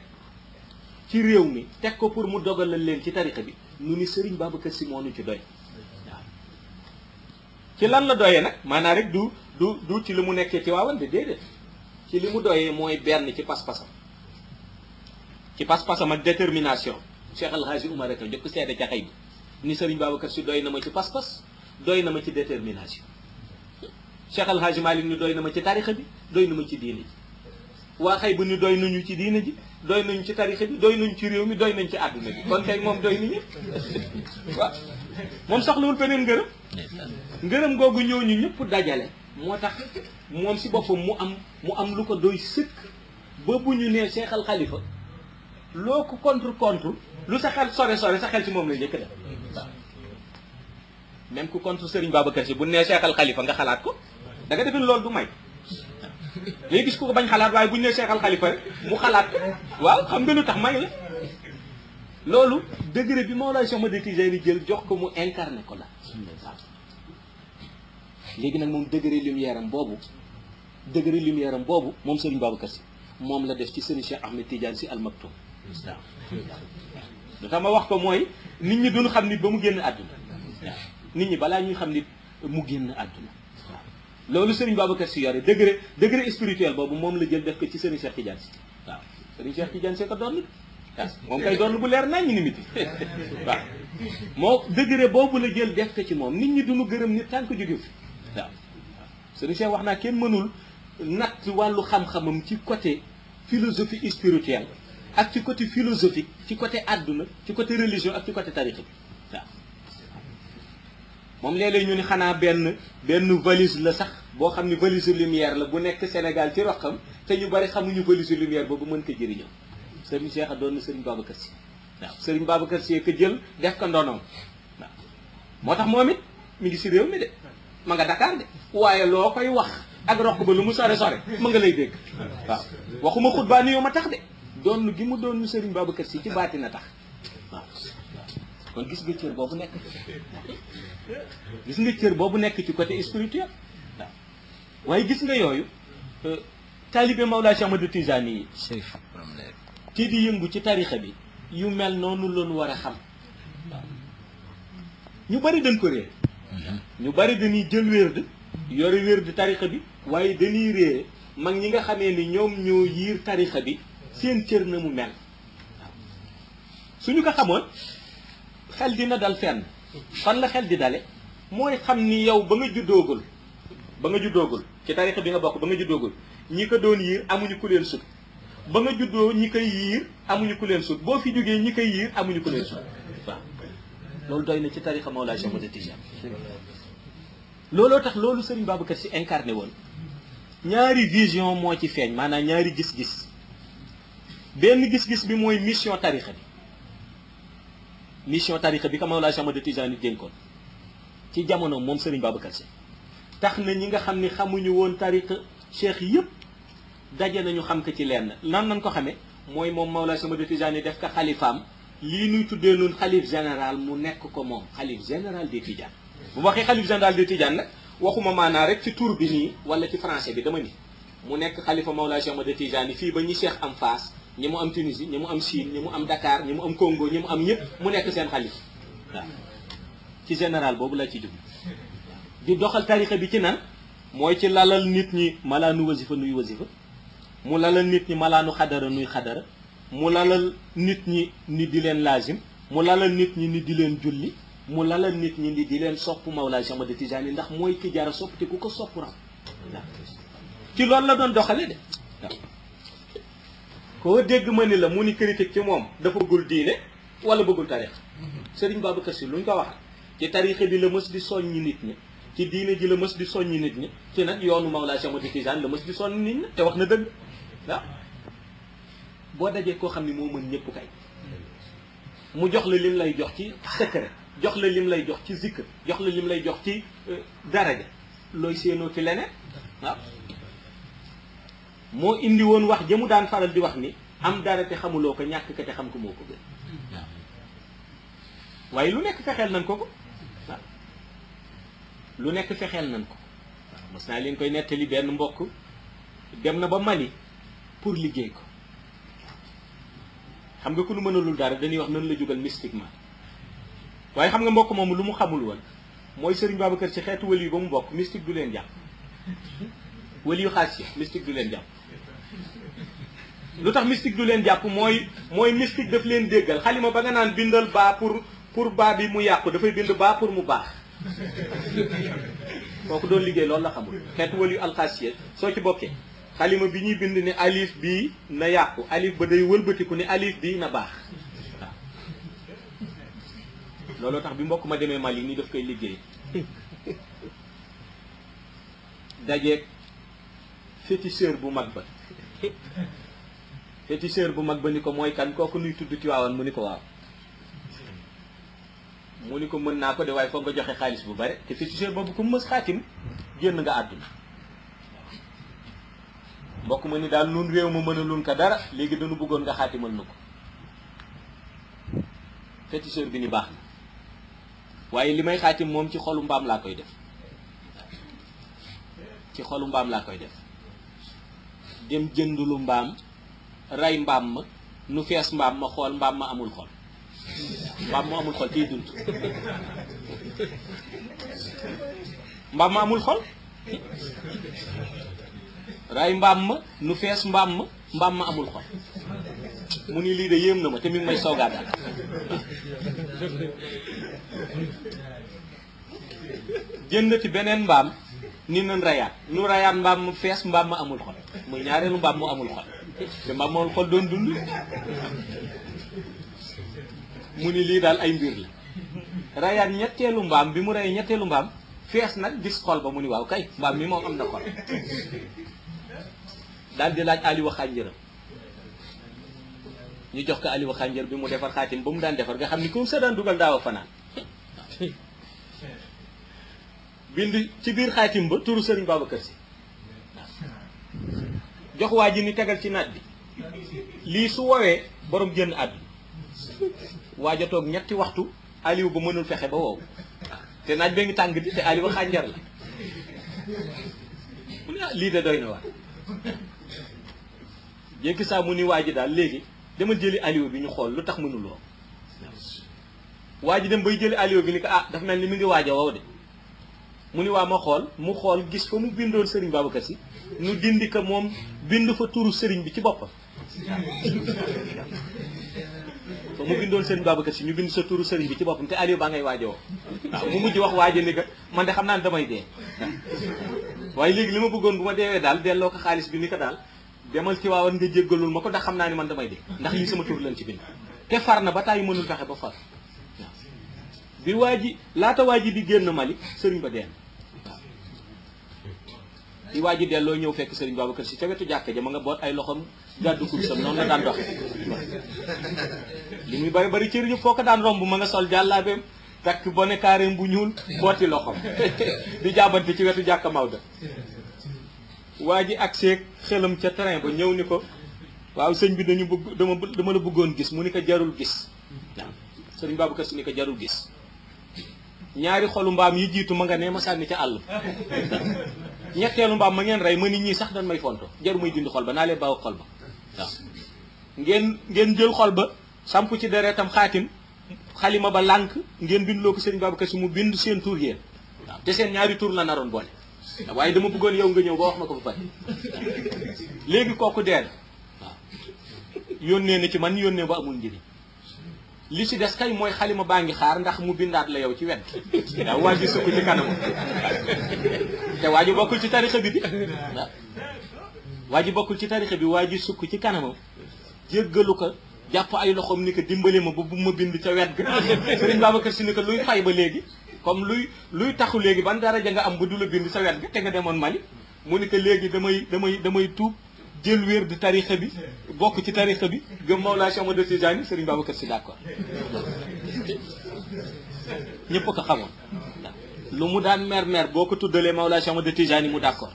ci réew mi teg ko pour mu dogalal leen ci tarixa bi nu ni Serigne Babacar Sy moo nu ci doy ci lan la doyee nag maanaam rek du du du ci li mu nekkee ci waawan de déedéet ci li mu doyee mooy benn ci pas-pasam ci pas-pasam ak détermination Cheikh El Hadji Oumar Ka njëkk seede ca xëy bi ni Serigne Babacar Sy doy na ma ci pas-pas doy na ma ci détermination Cheikh El Hadji Malick ni doy na ma ci tarixa bi doy na ma ci diine ji waa xëy bu ni doy nañu ci diine ji doy nañu ci tarixa bi doy nañu ci réew mi doy nañ ci àdduna bi kon tey moom doy na ñëpp waaw moom soxlawul beneen ngërëm ngërëm googu ñëw ñu ñëpp dajale moo tax moom si boppam mu am mu am lu ko doy sëkk ba ñu nee seexal xalifa loo ko contre contre lu sa xel sore sore sa xel si moom lay njëkk def waaw ku contre Serigne Babacar si bu nee Cheikh Al nga xalaat ko da nga defee loolu du may ngay gis ku ko bañ xalaat waaye bu ñu nee Cheikh Al rek mu xalaat waaw xam nga lu tax may loolu degré bi Mawlaay Cheikh Ahmad Tijani jël jox ko mu incarné ko la waaw léegi nag moom degré lumière boobu degré lumière boobu moom Serigne Babacar si moom la def ci Serigne Cheikh Ahmed Tidiane si Al lu tax ma wax ko mooy nit ñi duñ xam nit ba mu génn àdduna nit ñi balaa ñuy xam nit mu génn àdduna loolu Serigne Babacar Sy yore degré degré spirituel boobu moom la jël def ko ci Serigne Cheikh Tidiane Sy waaw Serigne Cheikh Tidiane Sy ko doon waaw moom kay doon bu leer nañ ñu ni miti waaw moo degré boobu la jël def ko ci moom nit ñi duñu gërëm nit tànk jógewu waaw waaw Serigne Cheikh wax naa kenn mënul natt wàllu xam-xamam ci côté philosophie spirituelle ak ci côté philosophique ci côté aduna ci côté religion ak ci côté tarixa bi waaw moom ñu ni xana ben ben valise la sax bo xamni valise lumière la bu nekk Sénégal ci roxam te ñu bari xamu ñu valise lumière bobu mën ko jëriñoo sëriñ Cheikh a doon na sëriñ Babacar ci waaw sëriñ Babacar ci ko jël def ka ndono waaw moo tax mi ngi ci réew mi de ma nga Dakar de waye lo koy wax ak roxu ba lu mu sore sore ma nga lay dégg waaw waxuma khutba ni yow ma tax de doon gi mu doon Serigne Babacar Sy ci baati na tax waaw kon gis nga cër boobu nekk gis nga cër boobu nekk ci côté spirituel waaw waaye gis nga yooyu euh, taalibe Mawlaa Cheikh Ahmadou Tijaani yi kii di yëngu ci tarixa bi yu mel noonu loolu war a xam ñu bari dañ ko réer mhm. ñu bari dañuy jël wérd yore wérd tarixa bi waaye dañuy réer mag ñi nga xamee ni ñoom ñoo yiir tarixa bi seen cër na mu mel su ñu ko xamoon xel dina dal fen fan la xel di dale mooy xam ni yow ba nga juddoogul ba nga juddoogul ci tarixa bi nga bokk ba nga juddoogul ñi ko doon yiir amuñu ku leen sut ba nga juddoo ñi koy yiir amuñu ku leen sut boo fi jógee ñi koy yiir amuñu ku leen sut waaw loolu doy na ci tarixa Mawlaay Cheikh Ahmad Tijaan looloo tax loolu Serigne Babacar Sy incarné woon ñaari vision moo ci feeñ maanaa ñaari gis-gis ben gis-gis bi moy mission tarixa bi mission tarixa bi ko Mawlaa Cheikh Ahmadu Tijaani dénkoon ci jamono mom Serigne babakar sey tax na ñi nga xamni ni xamuñu won tarixa cheikh yëpp daje nañu xam ko ci lenn nan nañ ko xamé moy mom mawla Cheikh de tijani def ka khalifam li nuy tuddé noonu khalif général mu nekk ko mom khalif général de tijani bu waxe khalif général de tijani nak waxuma mana rek ci tour bi ni wala ci français bi dama ni mu nekk khalifa mawla Cheikh Ahmadu Tijaani fi ba ñi cheikh am face ñi mu am Tunisie ñi mu am sine ñi mu am Dakar ñi mu am Congo ñi mu am ñëpp mu nekk seen xalif waaw ci général boobu la ci jublu di doxal tarixa bi ci nan mooy ci lalal nit ñi nu wasifa nuy wasifa mu lalal nit ñi nu xadara nuy xadara mu lalal nit ñi ni di leen laazim mu lalal nit ñi ni di leen julli mu lalal nit ñi ni di leen sopp Mawlaa jama de Tijaani ndax mooy ki jara sopp te ku ko sopp ram ci loolu la doon doxale de waaw koo dégg ma ni la mu ni critique ci moom dafa bëggul diine wala bëggul tarix Serigne Babacar Sy lu ñu ko wax ci tarixe bi la mës di soññi nit ñi ci diine ji la mës di soññi nit ñi ci nag yoonu Mawlaa Cheikh Ahmadou Tidiane la mës di soññi nit ñi te wax na dëgg waaw boo dajee koo xam ne moo mën ñëpp kay mu jox la lim lay jox ci secret jox la lim lay jox ci zikr jox la lim lay jox ci euh, daraja looy séenoo ci leneen waaw moo indi woon wax jëmu daan faral di wax ni am dara te xamuloo ko ñàkk ko te xam ko moo ko gën waaye lu nekk fexeel nañ ko ko lu nekk fexeel nañ ko waaw mos naa leen koy nettali benn mbokk dem na ba Mali pour liggéey ko xam nga ko nu mënalul dara dañuy wax nan la jógal mystiquement waaye xam nga mbokk moom lu mu xamul woon mooy Serigne kër si xeetu wëli yu ba mu bokk mystique du leen jàpp wëli yu xaas si mystique du leen jàpp lu tax mystique du leen jàpp mooy mooy mystique daf leen déggal xalima ba nga naan bindal baa pour pour baa bi mu yàqu dafay bind baa pour mu baax boo ko doon liggéey lool la xamul xeetu wëlu alxasiya soo ci bokkee xalima bi ñuy bind ni alif bii na yàqu alif ba day wëlbatiku ni alif bii na baax looloo tax bi mbokk ma demee Mali nii daf koy liggéey dajeeg féticheur bu mag ba sœur bu mag ba ko moy kan kooku nuy ci tiwaawan mu ni ko waaw mu ni ko mën naa ko de waaye foog nga joxe xaalis bu bare te sœur boobu ku mës xaatim génn nga àdduna mbokk ma ni daal nun réew ma mën a lun ko dara léegi dañu bëggoon nga xaatimal nu ko sœur bi ni baax na waaye li may ci xolu mbaam laa koy def ci xolu mbaam laa koy def dem jënd rey mbaam ma nu fees mbaam ma xool mbaam ma amul xol mbaam ma amul xol ciy dund mbaam ma nu fees mbaam ma mbaam ma amul xol mu ni lii de yéem na ma te mi ngi may soogaa daal jënd ci beneen mbaam ni nan reyaat nu reyaat mbaam mu fees mbaam ma amul xol muy ñaareelu mbaam mu amul xol te mamoon xol doon dund mu ni lii daal ay mbir la rayan ñettelu mbam bi mu ray ñettelu mbam fess nak gis xol ba mu ni waaw kay mbam mi mo am na xol dal di laaj waxa xànjëram ñu jox ko waxa xànjër bi mu defar khatim bu mu daan defar nga xamni ko sa daan dugal daaw a bind ci bir khatim ba turu Serigne babakar ci jox waji ni tegal ci nadi li su wowe borom génn ad waaja tok ñetti waxtu aliou bu mënul fexé ba wow té nadi be ngi tang di té aliou xanjar la mu ah, doy na mu ni waji dal dama aliou bi ñu xol lu tax mënuloo waa dem bay jëli aliou bi ni ko ah dafa mel mi ngi waaja wow de mu ni wa ma xol mu xol gis fa mu bindon serigne babakar si nu dindi ko moom bind fa turu sëriñ bi ci boppam ba mu bindoon sëriñ Babacar si ñu bind sa turu sëriñ bi ci boppam te Aliou baa ngay waajoo waaw mu mujj wax waajo ni que man de xam naa ne damay dee waaye léegi li ma bëggoon bu ma deewee daal delloo ko xaalis bi ni ko daal demal ci waawan nga jéggalul ma ko dax xam naa ne man damay dee ndax lii sama tur lañ ci bind te far na ba tàyyi mënul fexe ba far bi waa ji laata waa ji di génn Mali sëriñ ba de di waji delo ñew fekk serigne babakar ci ca wetu jàkk ja ma nga bot ay loxom gàddu sam non la daan dox li muy bari bari ci foo foko daan rombu ma nga sol jàllaabeem tak boné carré bu ñuul boti loxom di jabanti ci wetu jàkk mawda waji ji ak seeg xelam terrain ba ñew niko ko waaw sëñ bi dañu bëgg dama dama la bëggoon gis mu ni jarul gis serigne babakar ci jarul gis ñaari xolu mbam yi jitu ma nga ne ma sanni ci àll ñettelu mbam ma ngeen ray ma nit ñi sax dañ may fonto jaru muy dindi xol ba na le baaw xol ba ngeen ngeen jël xol ba sampu ci deretam khatim khalima ba lank ngeen ko serigne babu si mu bind sen tour yéen te sen ñaari tour la naron bolé waye dama bëggoon yow nga ñew ba wax mako ko fat pare koku kooku yonne na ci man yonne ba amul njëriñ li si des kay mooy xalima baa ngi xaar ndax mu bindaat la yow ci wet daa waa ji sukk ci kanamu te waa ji bokkul ci tarixa bi bi waa ji bokkul ci tarixa bi waa ji sukk ci kanamam jéggalu ko jàpp ay loxoom ni ko dimbali ma bu ma bind ca wet ga sëriñ Babacar si ni ko luy pay ba léegi comme luy luy taxu léegi ban daraja nga am bu du la bind sa wet gi te nga demoon Mali mu ni ko léegi damay damay damay tuub jël wér di tarixa bi bokk ci tarixa bi gëm Mawlaa Cheikh Ahmad Tijaani Serigne Babacar Sy d'accord ñëpp ko xamoon lu mu daan mer mer boo ko tuddalee Mawlaa Cheikh Ahmad Tijaani mu d'accord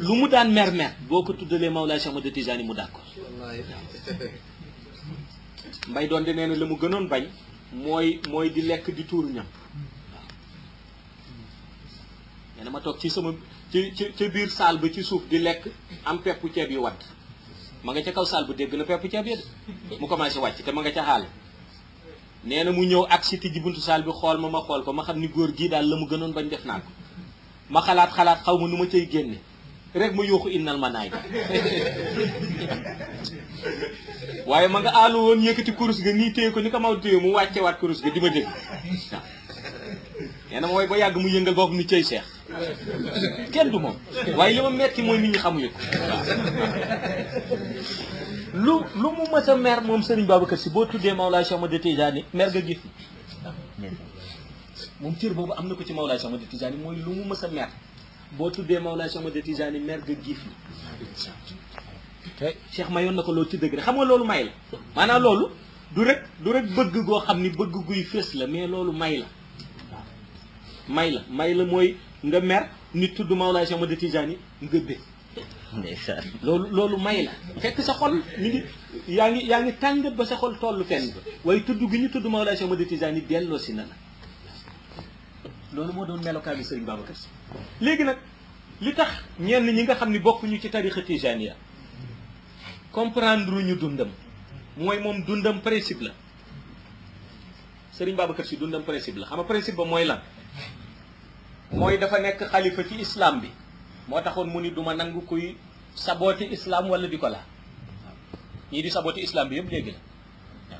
lu mu daan mer mer boo ko tuddalee Mawlaa Cheikh Ahmad Tijaani mu d'accord mbay doon di nee la mu gënoon bañ mooy mooy di lekk di tuuru ñam waaw ma toog ci sama ci ci ci biir saal ba ci souf di lek am peppu ci bi wat ma nga ci kaw sal bu deg na peppu ci bi ya mu commencé wàcc te ma nga ci xaal ya. neena mu ñew ak ci ti buntu sal bi xol ma ma xol ko ma xam ni góor gii daal la bañ def ma xalaat xalaat cey genné rek mu yoxu innal ma waye ma nga alu won yëkëti kurus ga ni téy ko ni ko maw téy mu waccé wat kurus ga dima nee na mooy ba yàgg mu yëngal boppam ni cëy seex kenn du moom waaye li ma metti mooy nit ñi xamuñu ko lu lu mu mës a mer moom Serigne Babacar Sy boo tuddee Mawlaay Cheikh Ahmad Tijaani mer nga gis moom boobu am na ko ci Mawlaay Cheikh Ahmad Tijaani mooy lu mu mer boo tuddee Mawlaay Cheikh Ahmad Tijaani mer nga mayoon na ko loolu ci dëgg rek xam nga loolu may la maanaam loolu du rek du rek bëgg goo xam ni bëgg guy fës la mais loolu may la may la may la mooy nga mer nit tudd Mawlaay Cheikh Ahmad Tijaani nga bég loolu loolu may la fekk sa xol mi ngi yaa ngi yaa ngi tàng ba sa xol tollu fenn waaye tudd gi ñu tudd Mawlaay Cheikh Ahmad Tijaani delloo si na la loolu moo doon melokaanu Sëriñ Babacar Si léegi nag li tax ñenn ñi nga xam ni bokkuñu ci tarixa tijaaniya comprendre ñu dundam mooy moom dundam principe la Sëriñ Babacar Si dundam principe la xam nga principe ba mooy la mooy dafa nekk xalifa ci islaam bi moo taxoon mu ni du ma nangu kuy sabooti islam wala di ko la ñii di sabooti islaam bi yëpp léegi la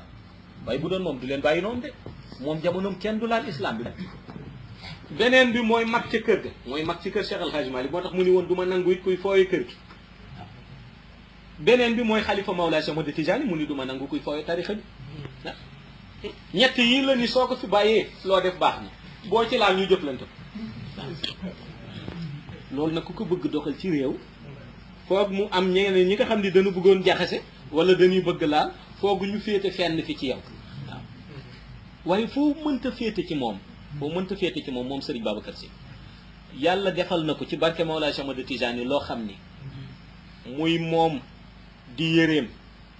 waaw waaye bu doon moom du leen bàyyi noonu de moom jamonoom kenn du laal islaam bi beneen bi mooy mag ca mooy mag ci kër Cheikh Al Hadj Malick ni woon du ma nangu it kër gi beneen bi mooy xalifa Mawlaay Cheikh Ahmad Tijaani mu ni du ma nangu kuy fooye tarixa bi ñett yi la ni soo ko fi bàyyee loo def baax na boo ci laa ñu jëflante ko loolu nag ku ko bëgg doxal ci réew foog mu am ñeneen ñi nga xam ni dañu bëggoon jaxase wala dañuy bëgg laal foogu ñu féete fenn fi ci yow waaw waaye foo mënta féete ci moom foo mënta féete ci moom moom Serigne Babacar Sy yàlla defal na ko ci barke Mawlaa Cheikh Ahmadou Tidiane loo xam ni muy moom di yéreem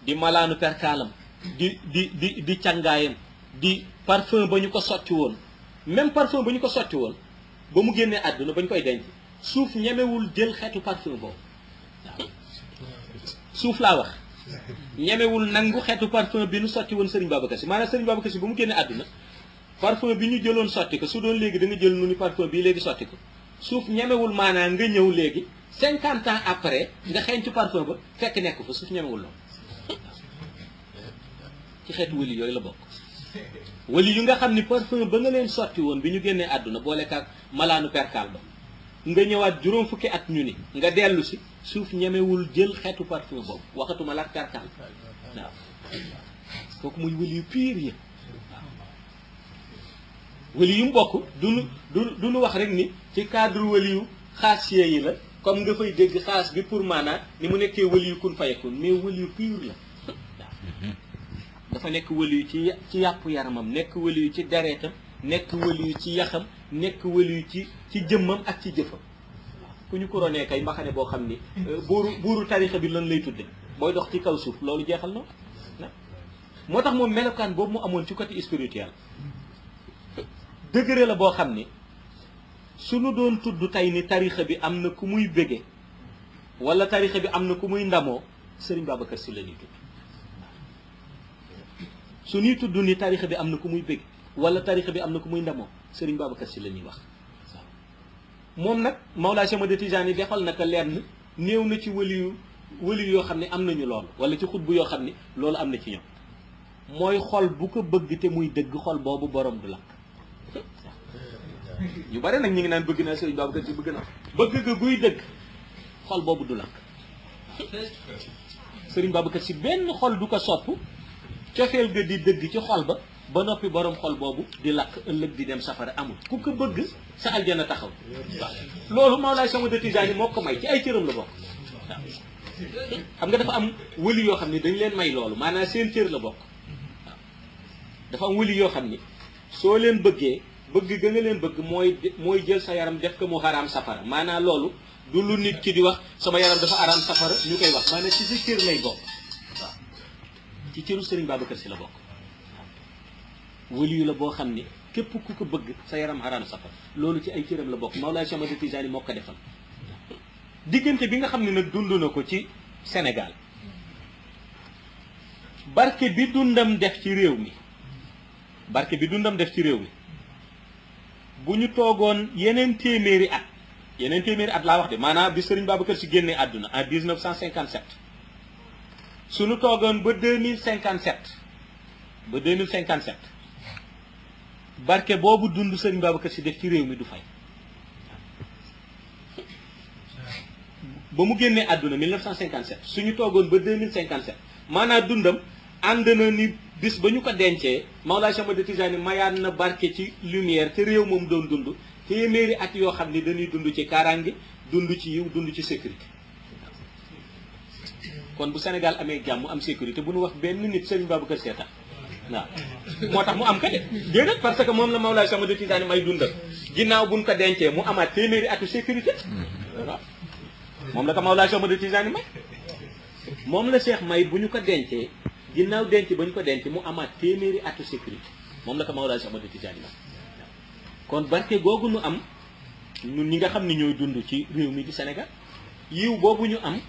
di malaanu perkaalam di di di di càngaayam di parfum ba ñu ko sotti woon même parfum ba ñu ko sotti woon ba mu génnee àdduna ba ñu koy denc suuf ñemewul jël xeetu parfum boobu suuf laa wax ñemewul nangu xeetu parfum bi nu sotti woon Serigne Babacar Sy maanaam Serigne Babacar Sy ba mu génnee àdduna parfum bi ñu jëloon sotti ko su doon léegi danga jël nu ni parfum bii léegi sotti ko suuf ñemewul maanaam nga ñëw léegi cinquante ans après nga xeeñtu parfum ba fekk nekk fa suuf ñemewul loolu ci xeetu wëli yooyu la bokk wali yu nga xam ni parfum ba nga leen sotti woon bi ñu génnee àdduna boole malaanu perkaal ba nga ñëwaat juróom fukki at ñu ni nga dellu si suuf ñemewul jël xeetu parfum boobu waxatuma la ak perkaal waaw kooku muy wali yu piir yi waaw wali yu mbokk duñu du nu wax rek ni ci cadre wali yu xaasiye yi la comme nga fay dégg xaas bi pour maanaa ni mu nekkee wali yu kun fayakun mais wali yu piir la dafa nekk wëliyu ci ci yàpp yaramam nekk wëliyu ci dereetam nekk wëliyu ci yaxam nekk wëliyu ci ci jëmmam ak ci jëfam ku ñu couronné kay mbaxane boo xam ni buuru buuru tarixa bi lan lay tudde booy dox ci kaw suuf loolu jeexal na moo tax moom melokaan boobu mu amoon ci côté spirituel degré la boo xam ni suñu doon tudd tey ni tarixa bi am na ku muy bége wala tarixa bi am na ku muy ndamoo Serigne Babacar Sy la ñuy tudd su ñuy tudd ni tarixa bi am na ku muy bëgg wala tarixa bi am na ku muy ndamoo Serigne Babacar Sy la ñuy wax moom nag Mawlaa Cheikh Ahmad Tijaani defal na ko lenn néew na ci wëliyu wëliyu yoo xam ne am nañu loolu wala ci xutbu yoo xam ne loolu am na ci ñoom mooy xol bu ko bëgg te muy dëgg xol boobu borom du lakk ñu bare nag ñu ngi naan bëgg naa Serigne Babacar Sy bëgg na bëgg ga guy dëgg xol boobu du lakk Serigne Babacar Sy benn xol du ko sopp cofeel ga di dëgg ci xol ba ba noppi boroom xol boobu di lakk ëllëg di dem safara amul ku ko bëgg sa aljana taxaw waaw loolu Mawlaay sama de Tijaani moo ci ay cëram la bokk nga dafa am wëli yoo xam ne dañ leen may loolu maanaam seen cër la bokk dafa am yoo xam ni soo leen bëggee bëgg ga nga leen bëgg mooy mooy jël sa yaram def ko mu xaraam safara maanaa loolu du lu nit ki di wax sama yaram dafa araam safara ñu koy wax maanaam ci sa cër lay bokk ci cëru Serigne Babacar si la bokk wëliyu la boo xam ne képp ku ko bëgg sa yaram xaraanu safar loolu ci ay cëram la bokk Mawlaay Cheikh Ahmad Tijaani moo ko defal diggante bi nga xam ne nag dund na ko ci Sénégal barke bi dundam def ci réew mi barke bi dundam def ci réew mi bu ñu toogoon yeneen téeméeri at yeneen téeméeri at laa wax de maanaam bi Serigne Babacar Sy génnee àdduna en 1957 Sunu nu toogoon ba deux mille ba deux barke bobu dund sëriñ Babacar si def ci réew mi du fay ba mu génnee àdduna 1957 suñu toogoon ba 2057 maanaam dundam ànd na ni bis ba ko dencee Maolaa Cheikh Ahmad Tijaani mayaan na barke ci lumière te réew moom doon dund téeméeri at yoo xam ni dañuy dundu ci kaaraange dundu ci yiw dund ci sécurité kon bu Sénégal amee jàmm am sécurité bu nu wax benn nit Serigne Babacar Sy tax waaw moo tax mu am ka de déedéet parce que moom la Mawlaay Sama de Tijaani may dundal ginnaaw buñ ko dencee mu amaat téeméeri atu sécurité waaw moom la ko Mawlaay Sama de may moom la Cheikh may bu ñu ko dencee ginnaaw denc ba ñu ko denc mu amaat téeméeri atu sécurité moom la ko Mawlaay Sama de Tijaani may kon barke googu nu am ñun ñi nga xam ni ñooy dund ci réew mi di Sénégal yiw boobu ñu am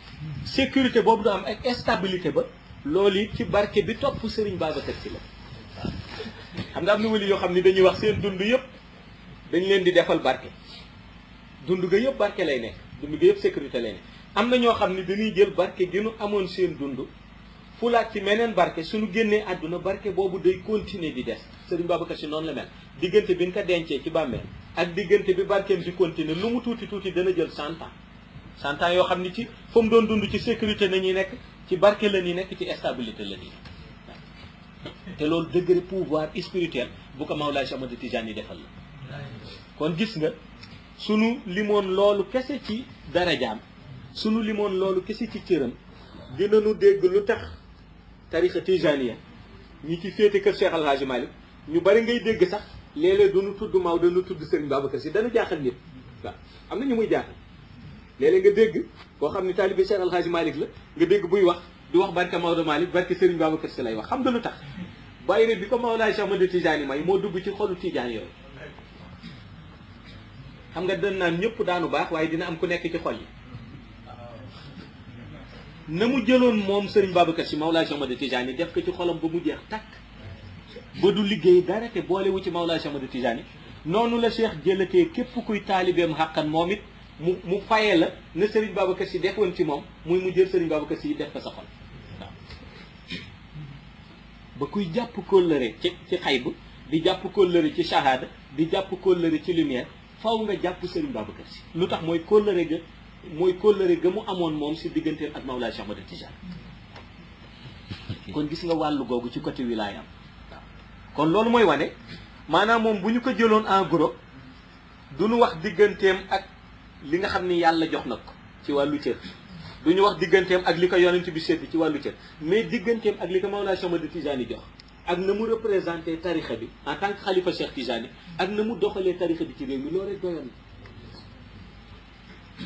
sécurité boobu du am ak stabilité ba loolu it ci barke bi topp Serigne Babacar Sy la waaw xam nga am na wali yoo xam ni dañuy wax seen dund yëpp dañ leen di defal barke dund ga yëpp barke lay nekk dund ga yëpp sécurité lay nekk am na ñoo xam ni dañuy jël barke gi nu amoon seen dund fulaat ci meneen barke suñu génnee àdduna barke boobu day continuer di des Serigne Babacar Sy noonu la mel diggante bi nga ko dencee ci bàmmeel ak diggante bi barkeem di continuer lu mu tuuti tuuti dana jël cent ans cent yoo xam ni ci fa mu doon dund ci sécurité nañuy nekk ci barke la ñuy nekk ci stabilité la te loolu degré pouvoir spirituel bu ko Mawlaay Cheikh Ahmad Tijaan yi defal la kon gis nga sunu limoon loolu kese ci darajaam sunu limoon loolu kese ci cëram dinañu dégg lu tax tarixa tijaniya ñi ci féete kër Cheikh Alhaji Malick ñu bari ngay dégg sax léeg-léeg duñu tudd Maodo dañu tudd Serigne Babacar Si dana jaaxal nit waaw am na ñu muy jaaxal leeg nga dégg koo xam ne taalibe Cheikh Al Hadj Malick la nga dégg buy wax di wax barke Maodo malik barke Serigne Babacar Sy lay wax xam nga lu tax bàyyi rek bi ko Maolay Cheikh Ahmad Tidiane may moo dugg ci xolu Tidiane yow xam nga dan naan ñëpp daanu baax waaye dina am ku nekk ci xol yi na mu jëloon moom Serigne Babacar Sy Maolay Cheikh Ahmad Tidiane def ko ci xolam ba mu jeex takk ba du liggéey dara te boolewu ci Maolay Cheikh Ahmad Tidiane noonu la Cheikh jëlatee képp kuy taalibeem xàqan moom it mu mu fayee la ne Serigne Babacar Sy def woon ci moom muy mu jël Serigne Babacar Sy def ko sa xol ba kuy jàpp kóllëre ci ci xayb di jàpp kóllëre ci shahada di jàpp kóllëre ci lumière faw nga jàpp Serigne Babacar Sy lu tax mooy kóllëre ga mooy kóllëre ga mu amoon moom si digganteel ak Mawlaay Cheikh Ahmadou Tidiane kon gis nga wàll googu ci côté wilaayam waaw kon loolu mooy wane maanaam moom bu ñu ko jëloon en gros du nu wax digganteem ak li nga xamni yàlla jox na ci walu cër duñu wax digëntem ak li yonent bi sédd ci walu cër mais digëntem ak li mawla Mawlana Cheikh Ahmad jox ak na mu représenté tarixa bi en tant que khalifa Cheikh tijani ak na mu doxalee tarixa bi ci réew mi lore doyon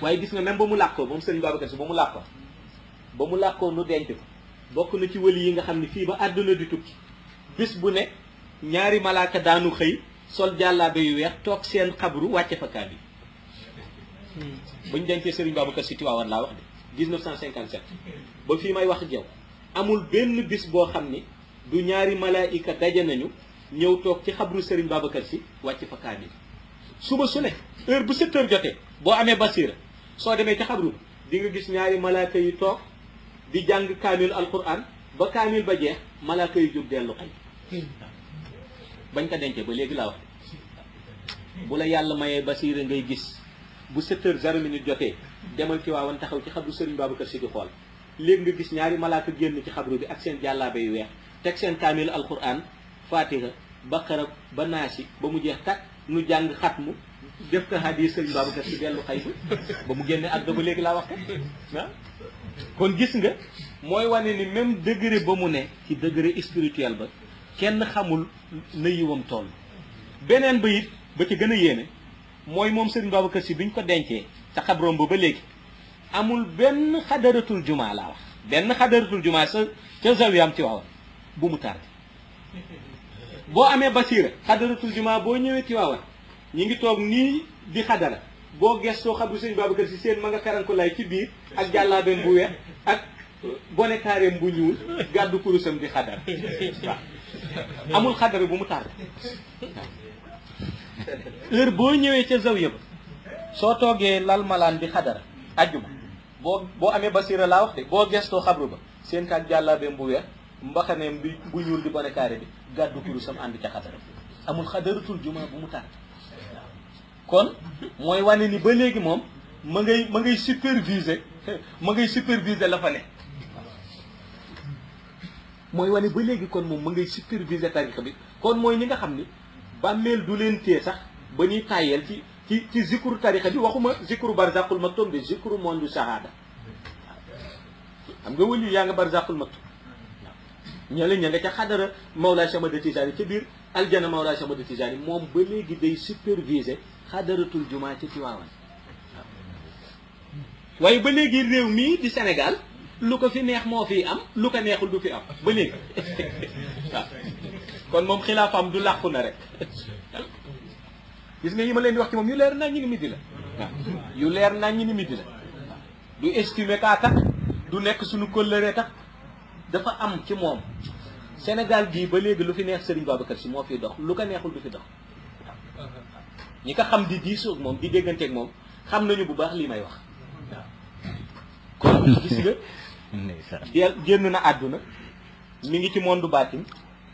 doyoon gis nga même ba mu làkkoo moom sëñ Babacar si ba mu làkkoo ba mu làkkoo nu denc ko bokku na ci wëli yi nga xamni fi ba aduna di tukki bis bu ne ñaari malaka daanu xëy sol jàllaabe yu wex tok sen xabru wàcce fa kaamil bañ dencee Serigne Babacar Sy Tivaouane laa wax de 1957 ba fii may wax ak amul benn bis boo xam ni du ñaari malaayika daje nañu ñëw toog ci xabru Serigne Babacar Sy wàcc fa kaamil suba su ne heure bu sept heures jotee boo amee basiira soo demee ci xabru di gis ñaari malaaka yu toog di jàng kaamil alquran ba kaamil ba jeex malaaka yu jóg dellu xëy bañ ko dencee ba léegi laa wax de bu la yàlla mayee basiira ngay gis bu 7 heures 0 minute jotee demal ci waawan taxaw ci xabru Serigne Babacar Sy di xool léegi nga gis ñaari malaaka génn ci xabru bi ak seen jàllaabe yu weex teg seen kaamil alquran fatiha baqara ba naasi ba mu jeex tàkk nu jàng xat xatmu def ko hadiya Serigne Babacar Sy dellu xay ba mu génnee ak ba léegi laa wax ah kon gis nga mooy wane ni même degré ba mu ne ci degré spirituel ba kenn xamul na yiwam toll beneen ba it ba ci gën a yéene mooy moom Serigne Babacar si bi ñu ko dencee sa xabroom ba ba léegi amul benn xadaratul juma laa wax benn xadaratul juma sa ca zawiyaam ci bu mu tardé boo amee basiira xadaratul juma boo ñëwee ci waawan ñi ngi toog nii di xadara boo gestoo xabru Serigne Babacar Sy seen ma nga karanko lay ci biir ak jàllaabeem bu weex ak bonekaareem bu ñuul gàddu kurusam di xadara waaw amul xadara bu mu tardé heure boo ñëwee ca zawiya ba soo toogee lal malaan bi xadara ajjuma boo boo amee basira laa wax de boo gestoo xabru ba seen kaak jàllaabeem bu weex mbaxaneem bi bu ñuul di bonekaare bi gàddu kurusam ànd ca xadara amul xadaratul juma bu mu tànn kon mooy wane ni ba léegi moom ma ngay ma ngay superviser ma ngay superviser la fa ne mooy wane ba léegi kon moom ma ngay superviser tarixa bi kon mooy ñi nga xam ni bàmmeel du leen tee sax ba ñuy tàyyeel ci ci ci zikru tarixa bi waxuma zikru barzaqul maktum de zikru monde shahada xam nga wëli yaa nga barzaqul maktum ña la ña nga ca xadara Mawlaa Cheikh Ahmad Tijaani ca biir aljana Mawlaa Cheikh Ahmad Tijaani moom ba léegi day superviser xadaratul jumaa ci Tiwaawan waaye ba léegi réew mii di Sénégal lu ko fi neex moo fi am lu ko neexul du fi am ba léegi kon moom xilaafam du làqu na rek gis nga yi ma leen di wax ci moom yu leer naa ñu ni midi la yu leer naa ñu ni midi la du estimé kaa tax du nekk suñu kóllëre tax dafa am ci moom senegal bii ba léegi lu fi neex Serigne Babacar Sy moo fiy dox lu ko neexul du fi dox ñi ko xam di diisoo moom di dégganteeg moom xam nañu bu baax lii may wax waaw kon gis nga génn na àdduna mi ngi ci du baatin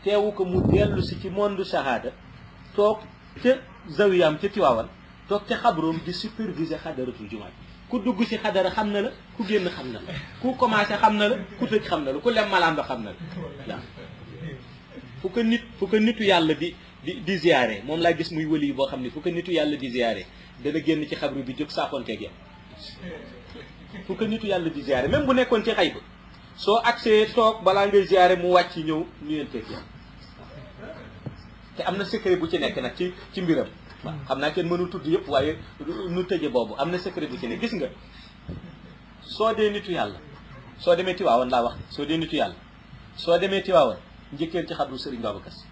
teewu ko mu dellu si ci monde shahada toog ca zawiyaam ca tiwaawan toog ca xabroom di superviser xadaratul jumaa ku dugg si xadara xam na la ku génn xam na la ku commencé xam na la ku tëj xam na la ku lem malaan ba xam na la waaw fu ko nit fu ko nitu yàlla di di di ziare moom laa gis muy wëli boo xam ne fu ko nitu yàlla di ziare dana génn ci xabru bi jóg saakonteeg yow fu ko nitu yàlla di ziare même bu nekkoon ci xay ba soo agsee toog balaa ngay ziare mu wàcc ñëw nuyenteeg yow te am na secret bu ci nekk nag ci ci mbiram hmm. xam naa kenn mënu tudd yëpp waaye nu tëje boobu am na secret bu ci ne gis nga soo dee nitu yàlla soo demee Tiwaawan laa wax soo dee nitu yàlla soo demee Tiwaawan njëkkeel ci xabru Serigne Babacar Sy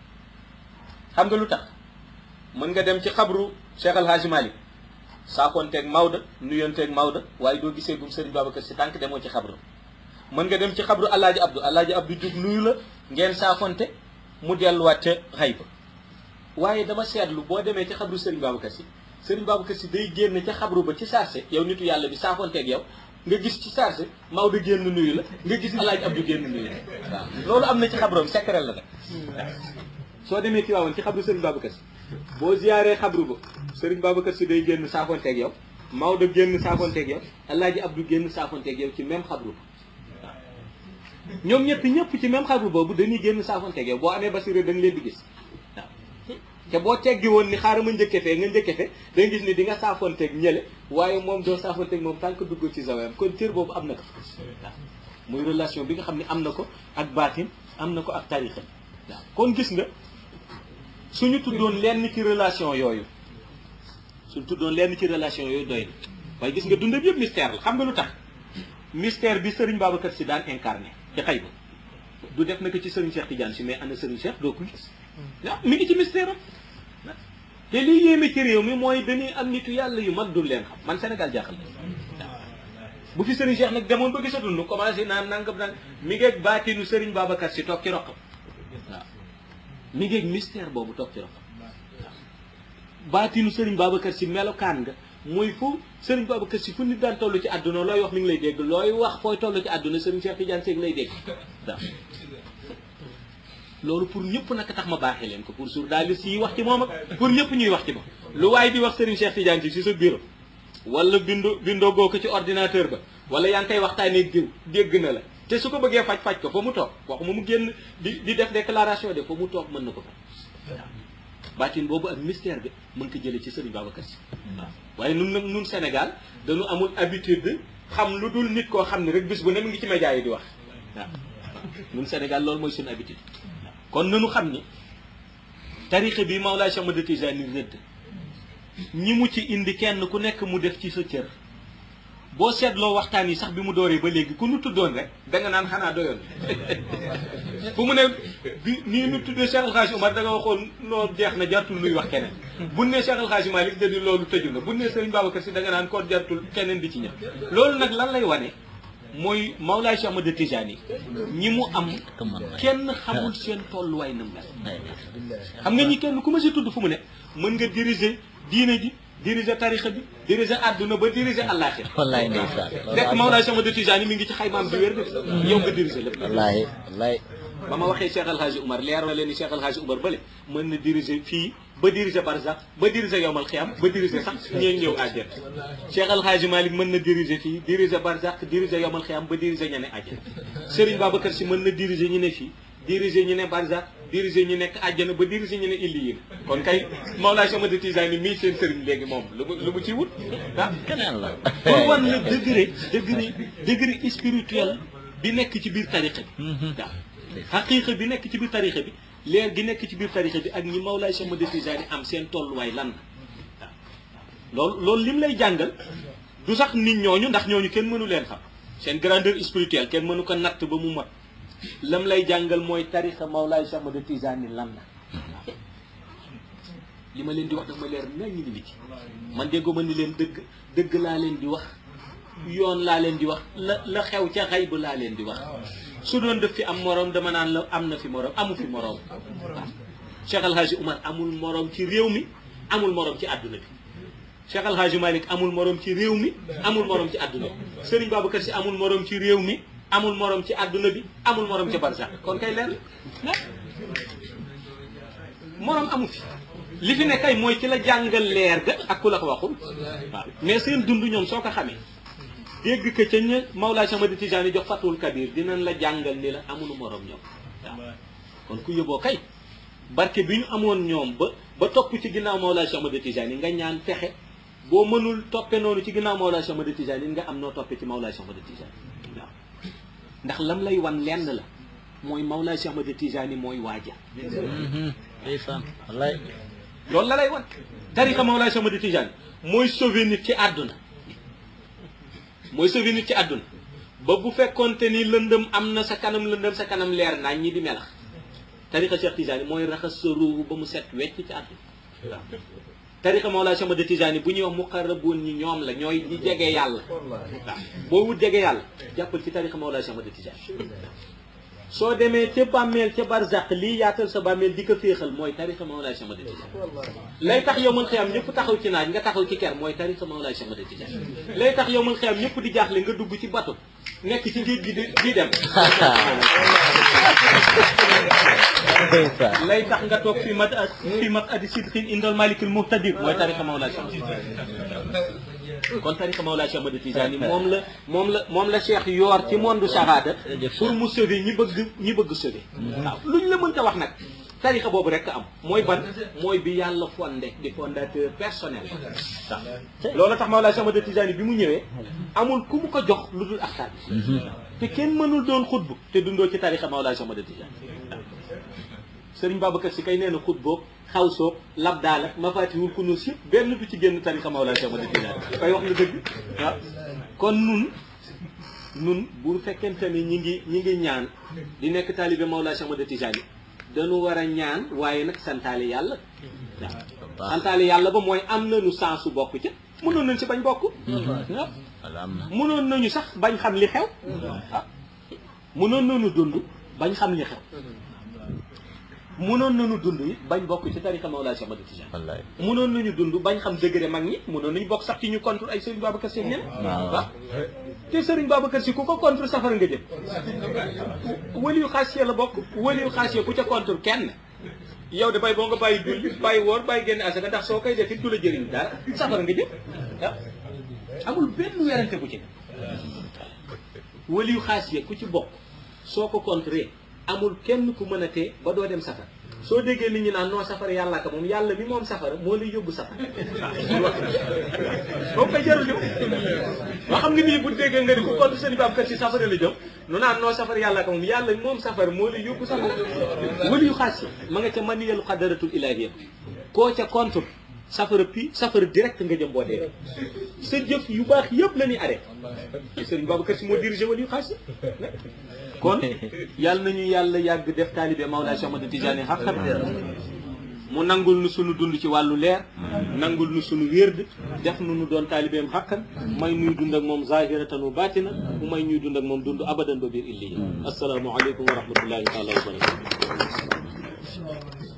xam nga lu tax mën nga dem ci xabru Cheikh Al Hadji Malick saakoonteeg Maodo nuyonteeg Maodo waaye doo gisee gum Serigne Babacar Sy tànk demoo ci xabru mën nga dem ci xabru Alaaji Abdou Alaaji Abdou Diouf nuyu la ngeen saakoonte mu delluwaat ca xay ba waaye dama seetlu boo demee ci xabru Serigne Babacar Sy Serigne Babacar Sy day génn ca xabru ba ci saase yow nitu yàlla bi saafonteeg yow nga gis ci saase Maodo génn nuyu la nga gis El Hadj Abdou génn nuyu la loolu am na ci xabroom secret demee ci waawoon ci xabru Serigne Babacar Sy boo ziyaaree xabru ba Serigne Babacar Sy day génn saafonteeg yow Maodo génn saafonteeg yow El Hadj Abdou génn saafonteeg ci même xabru ñoom ñett ñëpp ci même xabru boobu dañuy génn saafonteeg yow boo amee basira dañ leen di gis te boo teggi woon ni xaaral ma njëkke fee nga njëkke fee da gis ni di nga saafonteeg ñële waaye moom doo saafonteeg moom tant que duggul ci zawayam kon cër boobu am na ko waaw muy relation bi nga xam ne am na ko ak baatin am na ko ak tarixa kon gis nga suñu tuddoon lenn ci relation yooyu suñu tuddoon lenn ci relation yooyu doy na waaye gis nga dundam yëpp mystère la xam nga lu tax mystère bi sëriñ Babacar Sy daan incarné ci xëy ba du def na ko ci Serigne Cheikh Tidiane si mais ana Serigne Cheikh doo te lii yéeme ci réew mi mooy dañuy am nitu yàlla yu mag dul leen xam man Sénégal jaaxal na bu fi sëriñ Cheikh nag demoon ba gisatul nu commencé naan nangam naan mi ngeeg baatinu sëriñ Babacar si toog ci roqam waaw mi ngeeg boobu toog ci roqam baatinu sëriñ Babacar si melokaan nga muy fu sëriñ Babacar si fu nit daan toll ci àdduna looy wax mi ngi lay dégg looy wax fooy toll ci àdduna sëriñ Cheikh Tidiane Seck lay dégg loolu pour ñëpp nag tax ma baaxee leen ko pour journaliste yi wax ci moom ak pour ñëpp ñuy wax ci moom lu waaye di wax Serigne Cheikh Tidiane si sa bureau wala bindoo bindoo goo ko ci ordinateur ba wala yaa ngi koy waxtaanee diw dégg na la te su ko bëggee faj faj ko fa mu toog waxuma mu génn di di def déclaration de fa mu toog mën na ko faj waaw baatin boobu ak mystère bi mën ko jëlee ci Serigne Babacar Sy waaw waaye nun nag nun Sénégal dañu amul habitude xam lu dul nit koo xam ne rek bis bu ne mu ci média yi di wax waaw Sénégal loolu mooy suñu habitude kon nanu xam ni tarixe bi Mawlaay Cheikh Ahmad Tijaani rëdd ñi mu ci indi kenn ku nekk mu def ci sa cër boo seetloo waxtaan yi sax bi mu dooree ba léegi ku nu tuddoon rek danga naan xanaa doyoon fu mu ne nii nu tuddee Cheikh El Hadj Omar da nga waxoon loolu jeex na jartul nuy wax keneen bu nee Cheikh El Hadj Malick loolu tëju na bu ne Serigne Babacar Sy da nga naan koo jartul keneen bi ci ñëw loolu nag lan lay wane mooy Mawlaay Cheikh Ahmad Tijaani ñi mu am kenn xamul ah. seen tolluwaay nam ah, la xam nga ñi kenn ku si tudd fu mu ne mën nga diriger diine ji diriger tarixa bi diriger àdduna ba diriger àllaaxira wallaay ndeysaan rek Mawlaay Cheikh Ahmad Tijaani mi ngi ci xaymaam bi wér de yow nga diriger lépp wallaay wallaay ba ma waxee Cheikh Alhaaji Umar leer na leen ni Cheikh Alhaaji Umar bële mën na diriger fii ba diriger barsax ba diriger yowmal xiyam ba diriger sax ñeen àjjana Cheikh Al Hadji mën na diriger fii diriger barsax diriger yowmal xiyam ba diriger ña ne àjjana Serigne Babacar Sy mën na diriger ñu ne fii diriger ñu ne barsax diriger ñu nekk ba diriger ñu ne illiyin kon kay Mawlaay Cheikh Ahmad Tijaani mii seen sëriñ léegi moom lu mu lu mu ci wut ah keneen la pour wan la degré degré spirituel bi nekk ci biir tarixa bi mhm. waaw bi nekk ci biir tarixa bi leer gi nekk ci biir tarixa bi ak ñi Mawlaay Cheikh Ahmad Tijaani am seen tolluwaay lan la waaw loolu loolu lim lay jàngal du sax nit ñooñu ndax ñooñu kenn mënu leen xam seen grandeur spirituelle kenn mënu ko natt ba mu mot lam lay jàngal mooy tarixa Mawlaay Cheikh Ahmad Tijaani lan la li ma leen di wax dama leer nañ ni ci man déggoo ma ni leen dëgg dëgg laa leen di wax yoon laa leen di wax la la xew ca xayb laa leen di wax su doon def fi am morom dama naan la am na fi morom amu fi morom waaw Cheikh El amul moroom ci réew mi amul morom ci àdduna bi Cheikh El Hadj Malick amul moroom ci réew mi amul moroom ci àdduna bi Serigne Babacar Sy amul moroom ci réew mi amul morom ci àdduna bi amul morom ci barsax kon kay leer morom amu fi li fi ne kay mooy ci la jàngal leer ga ak ku la waxul mais seen dund ñoom soo ko xamee dégg ka ca ña mawla Cheikh jox fatul kabir dinañ la jàngal ni la amunu morom ñoom kon ku yóbboo kay barke bi ñu amoon ñoom ba ba topp ci ginnaaw mawla Cheikh Ahmad Tijaani nga ñaan fexe boo mënul toppe noonu ci ginnaaw mawla Cheikh Ahmad Tijaani nga am noo toppe ci mawla Cheikh Ahmad Tijaani ndax lam lay wan lenn la mooy mawla Cheikh Ahmad Tijaani mooy waaja mhm. loolu la lay wan tariqa mawla Cheikh Ahmad mooy souvenir ci àdduna mooy sauver ci àdduna ba bu fekkonte ni lëndëm am na sa kanam lëndëm sa kanam leer naa ñi di melax tariqa Cheikh Tijani mooy raxas sa ruubu ba mu set wecc ci àdduna waaw tariqa Mawlaa Cheikh Ahmad Tijani bu ñuy wax muqarraboon ñi ñoom la ñooy ñi jege yàlla waaw boo wut jege yàlla jàppal ci tariqa moo Cheikh Ahmad Tijani soo demee ca bàmmeel ca barzaq lii yaatal sa bàmmeel di ko féexal mooy tarixa Mawlaay Cheikh ma Tijaan lay tax yowmal xiyaam ñëpp taxaw ci naaj nga taxaw ci ker mooy tarixa Mawlaay Cheikh Ahmad Tijaan lay tax yowmal xiyaam ñëpp di jaaxle nga dugg ci bato nekk ci géej gi di dem lay tax nga toog fi mat fi mat adi sidqin indal malikul muhtadir mooy tarixa Mawlaay Cheikh kon tariqa Mawlaa Cheikh Ahmad Tijaani moom la moom la moom la cheikh yoor ci monde shahada pour mu sauver ñi bëgg ñi bëgg sauver mhm. waaw luñ la mënta wax nag tariqa boobu rek am mooy ban mooy bi yàlla fondé di fondateur personnel waaw loolu tax Mawlaa Cheikh Ahmad Tijaani bi mu ñëwee amul ku mu ko jox lu dul axtaar mhm. te kenn mënul doon xutbu te dundoo ci tariqa Mawlaa Cheikh Ahmad Tijaani sëriñ ka si kay nee na xut boog xaw soog lab daal ak mafatihul kunus yëpp benn du ci génn tarixa Mawlana Cheikh Ahmad Tidiane kay wax na dëgg kon nun fekkente ni ñi ngi ñi ngi ñaan di nekk taalibe Mawlana Cheikh Ahmad Tidiane dañu war a ñaan waaye nag santaale yàlla waaw santaale yàlla ba mooy am nañu sensu bokk ca mënoon nañ si bañ bokk mm-hmm. waaw mënoon nañu sax bañ xam li xew mm-hmm. ah. mënoon nañu dund bañ xam li xew munoon na nañu dund bañ bokk ci tarixa Mawlaay Cheikh Ahmad Tijaan wallaay dund bañ xam degré mag ñi mënoon ñu bokk sax ci ñu contre ay Serigne Babacar Sy ñeneen waaw te Serigne Babacar Sy ku ko contre safara nga jëm waliyu xaasiye la bokk waliyu xaasiye ku ca contre kenn yow de bay boo nga bàyyi julli bàyyi woor bàyyi génn asaka ndax soo koy def it du la jëriñ dara safara nga jëm ah. amul benn werante bu ci waliyu xaasiye ku ci bokk soo ko contre amul kenn ku mën a tee ba doo dem safara soo déggee nit ñi naan non safara yàlla ko moom yàlla mi moom safara moo lay yóbbu safara moom koy jarul yow xam nga nii bu déggee nga ni ku kontu sëñ Babacar la jëm nu naan non safara yàlla moom yàlla mi moom safara moo lay yóbbu safara wëlu yu xaas ma nga ca maniyalu xadaratul ilahiyya koo ca kontu safara pi safara direct nga jëm boo sa jëf yu baax yëpp la ñuy arrêté sëriñ Babacar Si moo dirigé wala yu xaas kon yàlla ñu yàlla yàgg def taalibe Mawlaa Cheikh Ahmad Tijaani xaqat mu nangul nu sunu dund ci wàllu leer nangul nu sunu wérd def nu nu doon taalibeem xaqan may nuy dund ak moom zahiratan wa baatina mu may ñuy dund ak moom dund abadan ba biir illi yi asalaamaaleykum wa